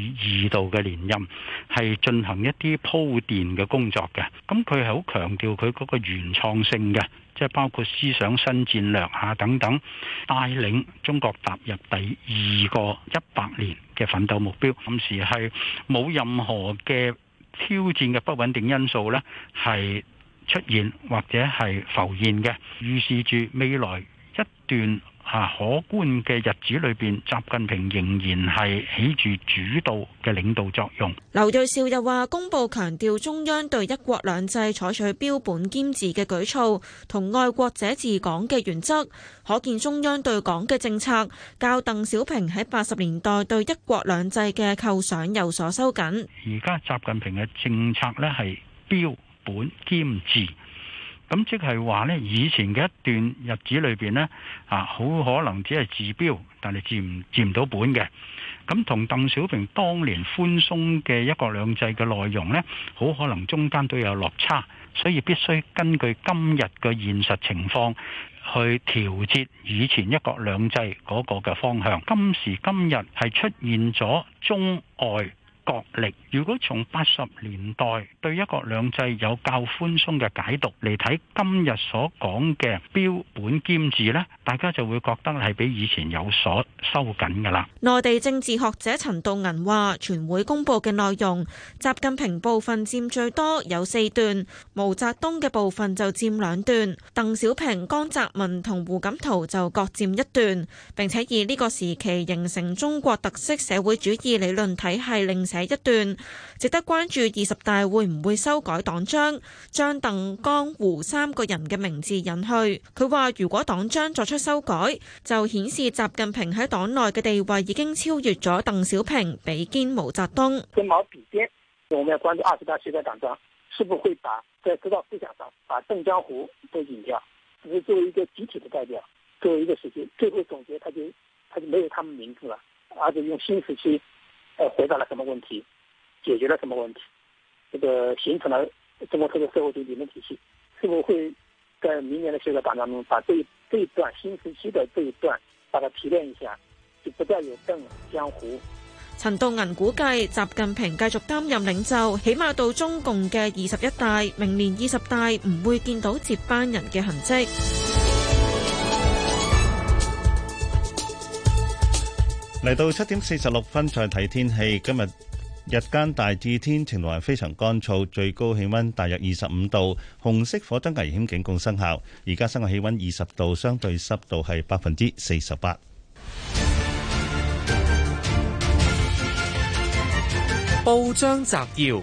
二度嘅連任，係進行一啲鋪墊嘅工作嘅。咁佢係好強調佢嗰個原創性嘅，即係包括思想、新戰略啊等等，帶領中國踏入第二個一百年嘅奮鬥目標，暫時係冇任何嘅挑戰嘅不穩定因素咧，係。出現或者係浮現嘅，預示住未來一段嚇可觀嘅日子裏邊，習近平仍然係起住主導嘅領導作用。劉瑞兆又話，公佈強調中央對一國兩制採取標本兼治嘅舉措，同愛國者治港嘅原則，可見中央對港嘅政策，較鄧小平喺八十年代對一國兩制嘅構想有所收緊。而家習近平嘅政策呢係標本兼治，咁即係話咧，以前嘅一段日子裏邊咧，啊，好可能只係治標，但係治唔治唔到本嘅。咁同鄧小平當年寬鬆嘅一國兩制嘅內容咧，好可能中間都有落差，所以必須根據今日嘅現實情況去調節以前一國兩制嗰個嘅方向。今時今日係出現咗中外角力。如果從八十年代對一國兩制有較寬鬆嘅解讀嚟睇，今日所講嘅標本兼治呢，大家就會覺得係比以前有所收緊㗎啦。內地政治學者陳道銀話：全會公佈嘅內容，習近平部分佔最多，有四段；毛澤東嘅部分就佔兩段，鄧小平、江澤民同胡錦濤就各佔一段。並且以呢個時期形成中國特色社會主義理論體系，另寫一段。值得關注二十大，會唔會修改黨章，將鄧江胡三個人嘅名字引去？佢話如果黨章作出修改，就顯示習近平喺黨內嘅地位已經超越咗鄧小平，比肩毛澤東。解決了什麼問題？這個形成了中國特色社會主義理論體系。是否會，在明年的十九大當中，把這這一段新時期的這一段，把它提煉一下，就不再有江湖。陳道銀估計，習近平繼續擔任領袖，起碼到中共嘅二十一大，明年二十大唔會見到接班人嘅痕跡。嚟到七點四十六分，再睇天氣，今日。日間大致天晴，非常乾燥，最高氣溫大約二十五度，紅色火燈危險警告生效。而家室外氣溫二十度，相對濕度係百分之四十八。報章摘要：《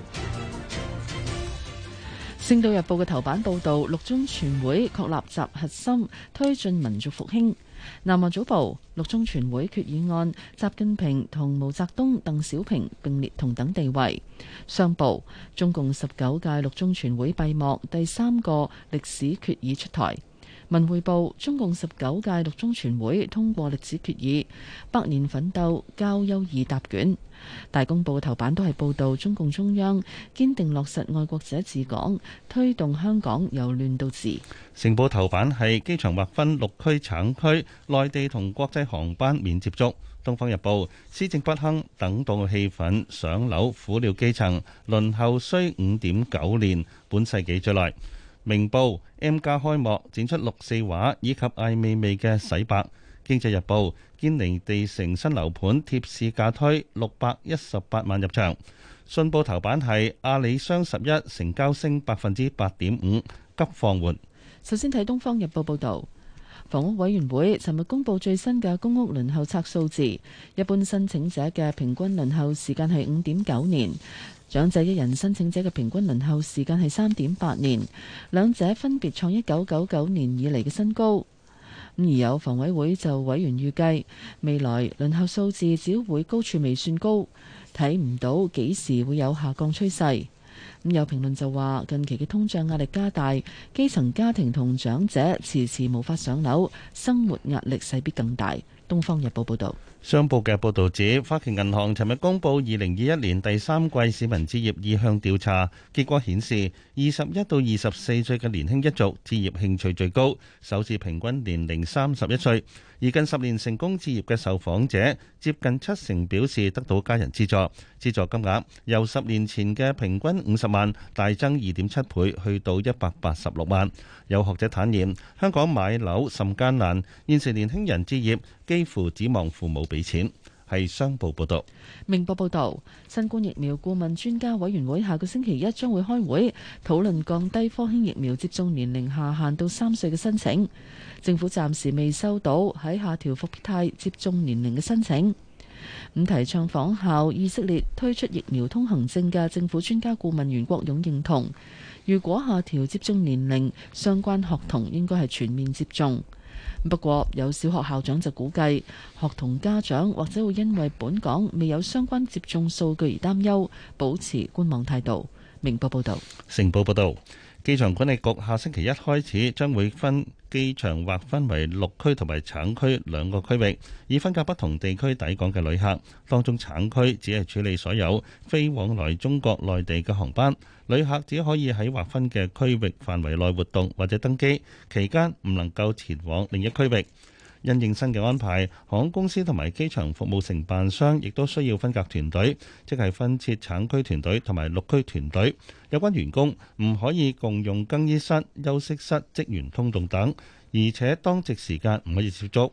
星島日報》嘅頭版報道，六中全會確立習核心，推進民族復興。南華早報，六中全會決議案，習近平同毛澤東、鄧小平並列同等地位。商報，中共十九屆六中全會閉幕，第三個歷史決議出台。文匯報：中共十九屆六中全會通過歷史決議，百年奮鬥交優異答卷。大公報嘅頭版都係報道中共中央堅定落實愛國者治港，推動香港由亂到治。成報頭版係機場劃分六區橙區，內地同國際航班免接觸。東方日報：施政不謄，等到氣憤上樓，苦了基層。輪候需五點九年，本世紀最耐。明報 M 加開幕，展出六四畫以及艾未未嘅洗白。經濟日報堅尼地城新樓盤貼市價推六百一十八萬入場。信報頭版係阿里雙十一成交升百分之八點五，急放緩。首先睇東方日報報道，房屋委員會尋日公布最新嘅公屋輪候冊數字，一般申請者嘅平均輪候時間係五點九年。長者一人申請者嘅平均輪候時間係三點八年，兩者分別創一九九九年以嚟嘅新高。咁而有房委會就委員預計，未來輪候數字只會高處未算高，睇唔到幾時會有下降趨勢。有評論就話，近期嘅通脹壓力加大，基層家庭同長者遲遲無法上樓，生活壓力勢必更大。東方日報報道，商報嘅報道指，花旗銀行尋日公佈二零二一年第三季市民置業意向調查，結果顯示二十一到二十四歲嘅年輕一族置業興趣最高，首次平均年齡三十一歲。而近十年成功置業嘅受訪者，接近七成表示得到家人資助，資助金額由十年前嘅平均五十。萬大增二點七倍，去到一百八十六萬。有學者坦言，香港買樓甚艱難，現時年輕人置業幾乎指望父母俾錢。係商報報道，明報報道，新冠疫苗顧問專家委員會下個星期一將會開會討論降低科興疫苗接種年齡下限到三歲嘅申請。政府暫時未收到喺下調復必泰接種年齡嘅申請。咁提倡仿效以色列推出疫苗通行證嘅政府專家顧問袁國勇認同，如果下調接種年齡，相關學童應該係全面接種。不過有小學校長就估計，學童家長或者會因為本港未有相關接種數據而擔憂，保持觀望態度。明報報道，成報報道。機場管理局下星期一開始將會分機場劃分為綠區同埋橙區兩個區域，以分隔不同地區抵港嘅旅客。當中橙區只係處理所有飛往來中國內地嘅航班，旅客只可以喺劃分嘅區域範圍內活動或者登機，期間唔能夠前往另一區域。因應新嘅安排，航空公司同埋機場服務承辦商亦都需要分隔團隊，即係分設橙區團隊同埋綠區團隊。有關員工唔可以共用更衣室、休息室、職員通道等，而且當值時間唔可以接觸。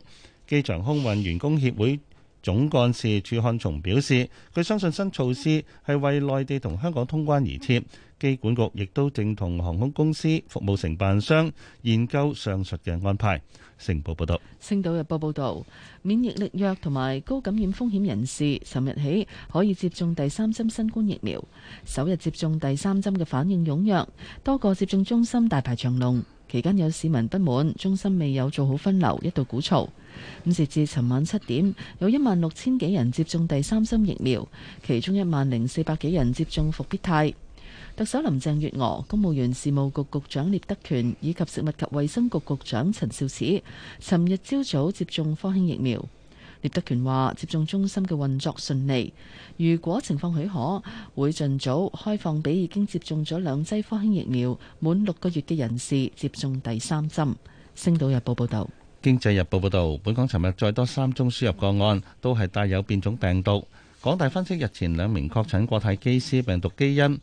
機場空運員工協會總幹事楚漢松表示，佢相信新措施係為內地同香港通關而設。機管局亦都正同航空公司服務承辦商研究上述嘅安排。星報報道，《星島日報》報道，免疫力弱同埋高感染風險人士，尋日起可以接種第三針新冠疫苗。首日接種第三針嘅反應踴躍，多個接種中心大排長龍，期間有市民不滿中心未有做好分流，一度鼓噪。咁，截至尋晚七點，有一萬六千幾人接種第三針疫苗，其中一萬零四百幾人接種復必泰。特首林鄭月娥、公務員事務局局長聶德權以及食物及衛生局局長陳肇始，尋日朝早接種科興疫苗。聶德權話：接種中心嘅運作順利，如果情況許可，會盡早開放俾已經接種咗兩劑科興疫苗滿六個月嘅人士接種第三針。星島日報報道，經濟日報報道，本港尋日再多三宗輸入個案，都係帶有變種病毒。港大分析日前兩名確診國泰機師病毒基因。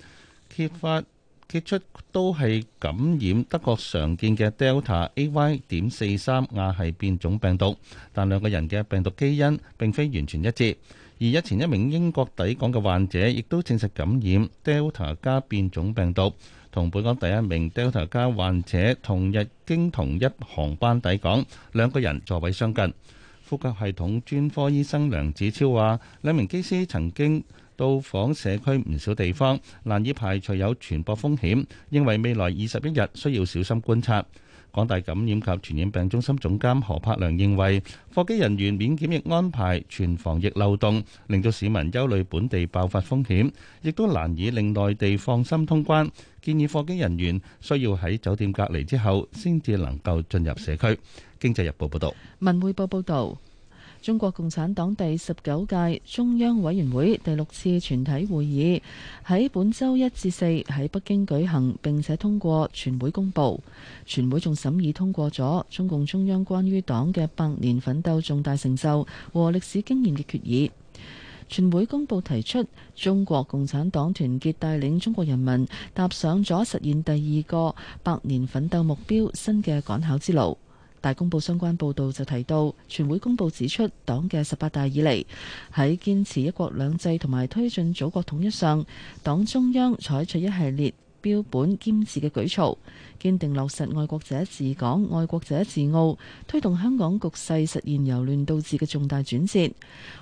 揭發揭出都係感染德國常見嘅 Delta AY. 點四三亞系變種病毒，但兩個人嘅病毒基因並非完全一致。而日前一名英國抵港嘅患者亦都證實感染 Delta 加變種病毒，同本港第一名 Delta 加患者同日經同一航班抵港，兩個人座位相近。呼吸系統專科醫生梁子超話：兩名機師曾經到訪社區唔少地方，難以排除有傳播風險，認為未來二十一日需要小心觀察。港大感染及傳染病中心總監何柏良認為，貨機人員免檢疫安排全防疫漏洞，令到市民憂慮本地爆發風險，亦都難以令內地放心通關。建議貨機人員需要喺酒店隔離之後，先至能夠進入社區。經濟日報報道。文匯報報導。中國共產黨第十九屆中央委員會第六次全體會議喺本周一至四喺北京舉行，並且通過全會公報。全會仲審議通過咗中共中央關於黨嘅百年奮鬥重大成就和歷史經驗嘅決議。全會公報提出，中國共產黨團結帶領中國人民踏上咗實現第二個百年奮鬥目標新嘅趕考之路。大公報相關報導就提到，全會公佈指出，黨嘅十八大以來喺堅持一國兩制同埋推進祖國統一上，黨中央採取一系列標本兼治嘅舉措，堅定落實愛國者治港、愛國者治澳，推動香港局勢實現由亂到治嘅重大轉折，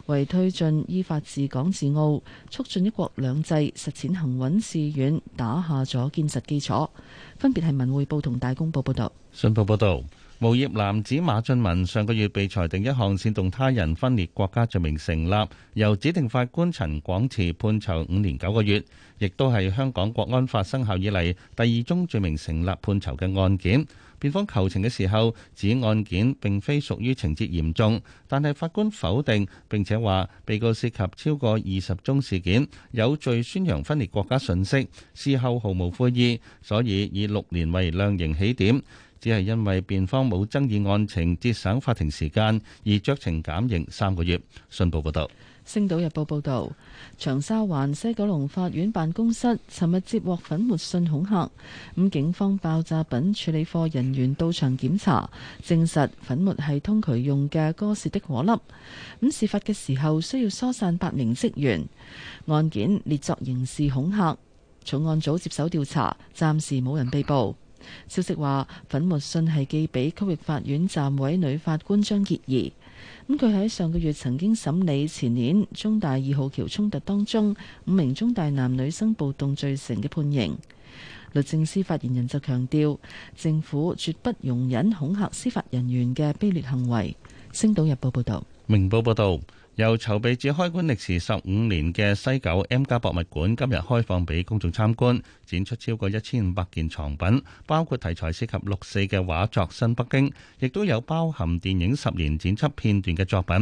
為推進依法治港治澳、促進一國兩制實踐行穩致遠打下咗堅實基礎。分別係文匯報同大公報報道。信報報導。無業男子馬俊文上個月被裁定一項煽動他人分裂國家罪名成立，由指定法官陳廣慈判囚五年九個月，亦都係香港國安法生效以嚟，第二宗罪名成立判囚嘅案件。辯方求情嘅時候指案件並非屬於情節嚴重，但係法官否定，並且話被告涉及超過二十宗事件，有罪宣揚分裂國家信息，事後毫無悔意，所以以六年為量刑起點。只係因為辯方冇爭議案情，節省法庭時間而酌情減刑三個月。信報報道，星島日報報道，長沙灣西九龍法院辦公室尋日接獲粉末信恐嚇，咁警方爆炸品處理課人員到場檢查，證實粉末係通渠用嘅哥士的果粒。咁事發嘅時候需要疏散八名職員，案件列作刑事恐嚇，重案組接手調查，暫時冇人被捕。消息話，粉末信係寄俾區域法院暫委女法官張潔儀。咁佢喺上個月曾經審理前年中大二號橋衝突當中五名中大男女生暴動罪成嘅判刑。律政司發言人就強調，政府絕不容忍恐嚇司法人員嘅卑劣行為。星島日報報道。明報報導。由籌備至開館歷時十五年嘅西九 M+ 博物館，今日開放俾公眾參觀，展出超過一千五百件藏品，包括題材涉及六四嘅畫作《新北京》，亦都有包含電影十年剪輯片段嘅作品。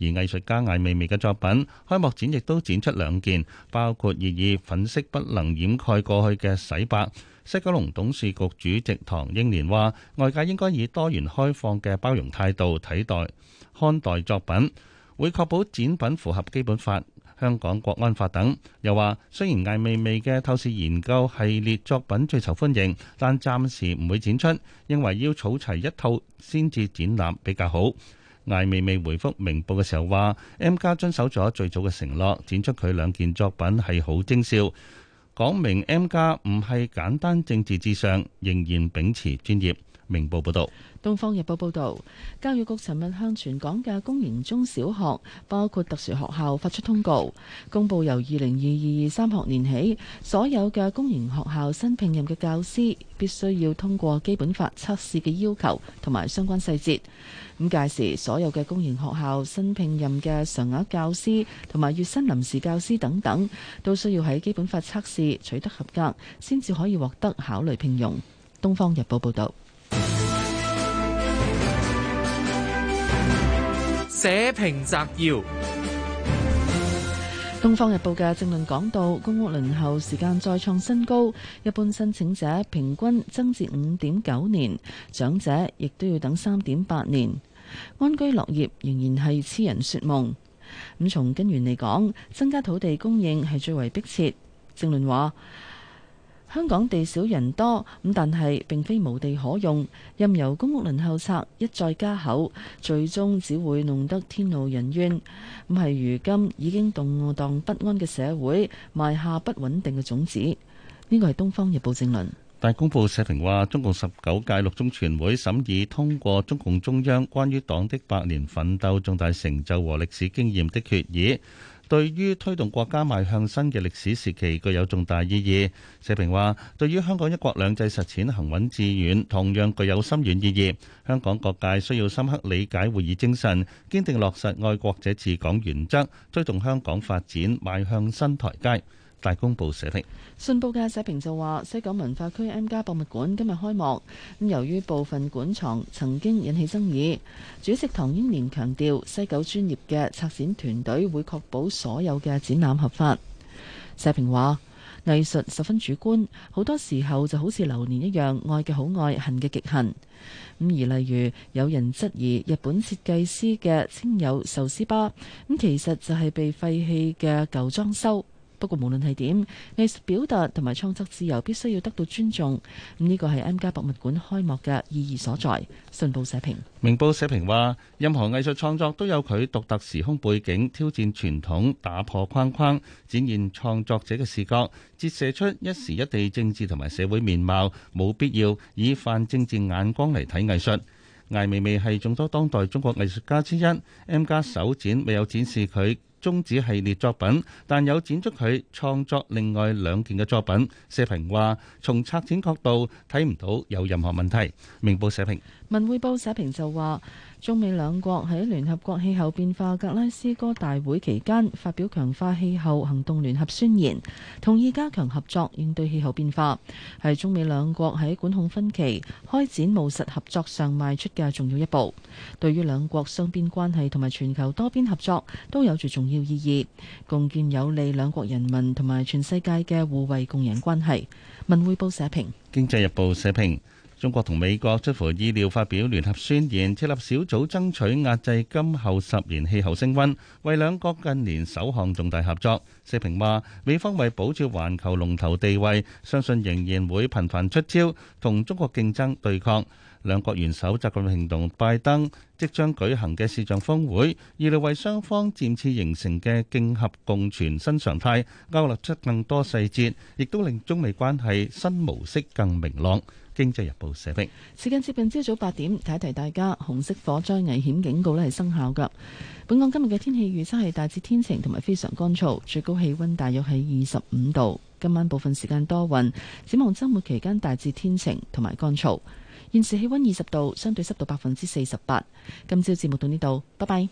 而藝術家艾未未嘅作品開幕展亦都展出兩件，包括《熱議粉色不能掩蓋過去嘅洗白》。西九龍董事局主席唐英年話：外界應該以多元開放嘅包容態度睇待看待作品。會確保展品符合基本法、香港國安法等。又話，雖然艾未未嘅透視研究系列作品最受歡迎，但暫時唔會展出，認為要儲齊一套先至展覽比較好。艾未未回覆明報嘅時候話：M+ 遵守咗最早嘅承諾，展出佢兩件作品係好徵兆，講明 M+ 唔係簡單政治至上，仍然秉持專業。明報報道，《東方日報》報道，教育局尋日向全港嘅公營中小學，包括特殊學校，發出通告，公布由二零二二二三學年起，所有嘅公營學校新聘任嘅教師必須要通過基本法測試嘅要求同埋相關細節。咁屆時，所有嘅公營學校新聘任嘅常額教師同埋月薪臨時教師等等，都需要喺基本法測試取得合格，先至可以獲得考慮聘用。《東方日報》報道。社評摘要，《東方日報》嘅政論講到，公屋輪候時間再創新高，一般申請者平均增至五點九年，長者亦都要等三點八年，安居樂業仍然係痴人說夢。咁從根源嚟講，增加土地供應係最為迫切。政論話。香港地少人多，咁但係並非無地可用。任由公屋輪候冊一再加厚，最終只會弄得天怒人怨。咁係如今已經動盪不安嘅社會，埋下不穩定嘅種子。呢個係《東方日報》正論。大公報社評話：中共十九屆六中全會審議通過中共中央關於黨的百年奮鬥重大成就和歷史經驗的決議。對於推動國家邁向新嘅歷史時期，具有重大意義。社評話，對於香港一國兩制實踐行穩致遠，同樣具有深遠意義。香港各界需要深刻理解會議精神，堅定落實愛國者治港原則，推動香港發展邁向新台階。大公報社評，信報嘅社評就話：西九文化區 M+ 博物館今日開幕，咁由於部分館藏曾經引起爭議，主席唐英年強調，西九專業嘅策展團隊會確保所有嘅展覽合法。社評話藝術十分主觀，好多時候就好似榴槤一樣，愛嘅好愛，恨嘅極恨。咁而例如有人質疑日本設計師嘅清友壽司吧，咁其實就係被廢棄嘅舊裝修。不過，無論係點，藝術表達同埋創作自由必須要得到尊重。呢個係 M+ 博物館開幕嘅意義所在。信報社評，明報社評話：任何藝術創作都有佢獨特時空背景，挑戰傳統，打破框框，展現創作者嘅視角，折射出一時一地政治同埋社會面貌。冇必要以泛政治眼光嚟睇藝術。艾未未係眾多當代中國藝術家之一，M+ 首展未有展示佢。終止系列作品，但有展出佢創作另外兩件嘅作品。社評話，從策展角度睇唔到有任何問題。明報社評，文匯報社評就話。中美兩國喺聯合國氣候變化格拉斯哥大會期間發表強化氣候行動聯合宣言，同意加強合作應對氣候變化，係中美兩國喺管控分歧、開展務實合作上邁出嘅重要一步。對於兩國雙邊關係同埋全球多邊合作都有住重要意義，共建有利兩國人民同埋全世界嘅互惠共贏關係。文匯報社評，《經濟日報》社評。中國同美國出乎意料發表聯合宣言，設立小組爭取壓制今後十年氣候升溫，為兩國近年首項重大合作。社評話，美方為保住環球龍頭地位，相信仍然會頻繁出招，同中國競爭對抗。兩國元首習近平同拜登即將舉行嘅視像峰會，而嚟為雙方漸次形成嘅競合共存新常態勾勒出更多細節，亦都令中美關係新模式更明朗。《經濟日報》社評，時間接近朝早八點，提提大家紅色火災危險警告咧係生效噶。本港今日嘅天氣預測係大致天晴同埋非常乾燥，最高氣溫大約係二十五度。今晚部分時間多雲，展望周末期間大致天晴同埋乾燥。現時氣溫二十度，相對濕度百分之四十八。今朝節目到呢度，拜拜。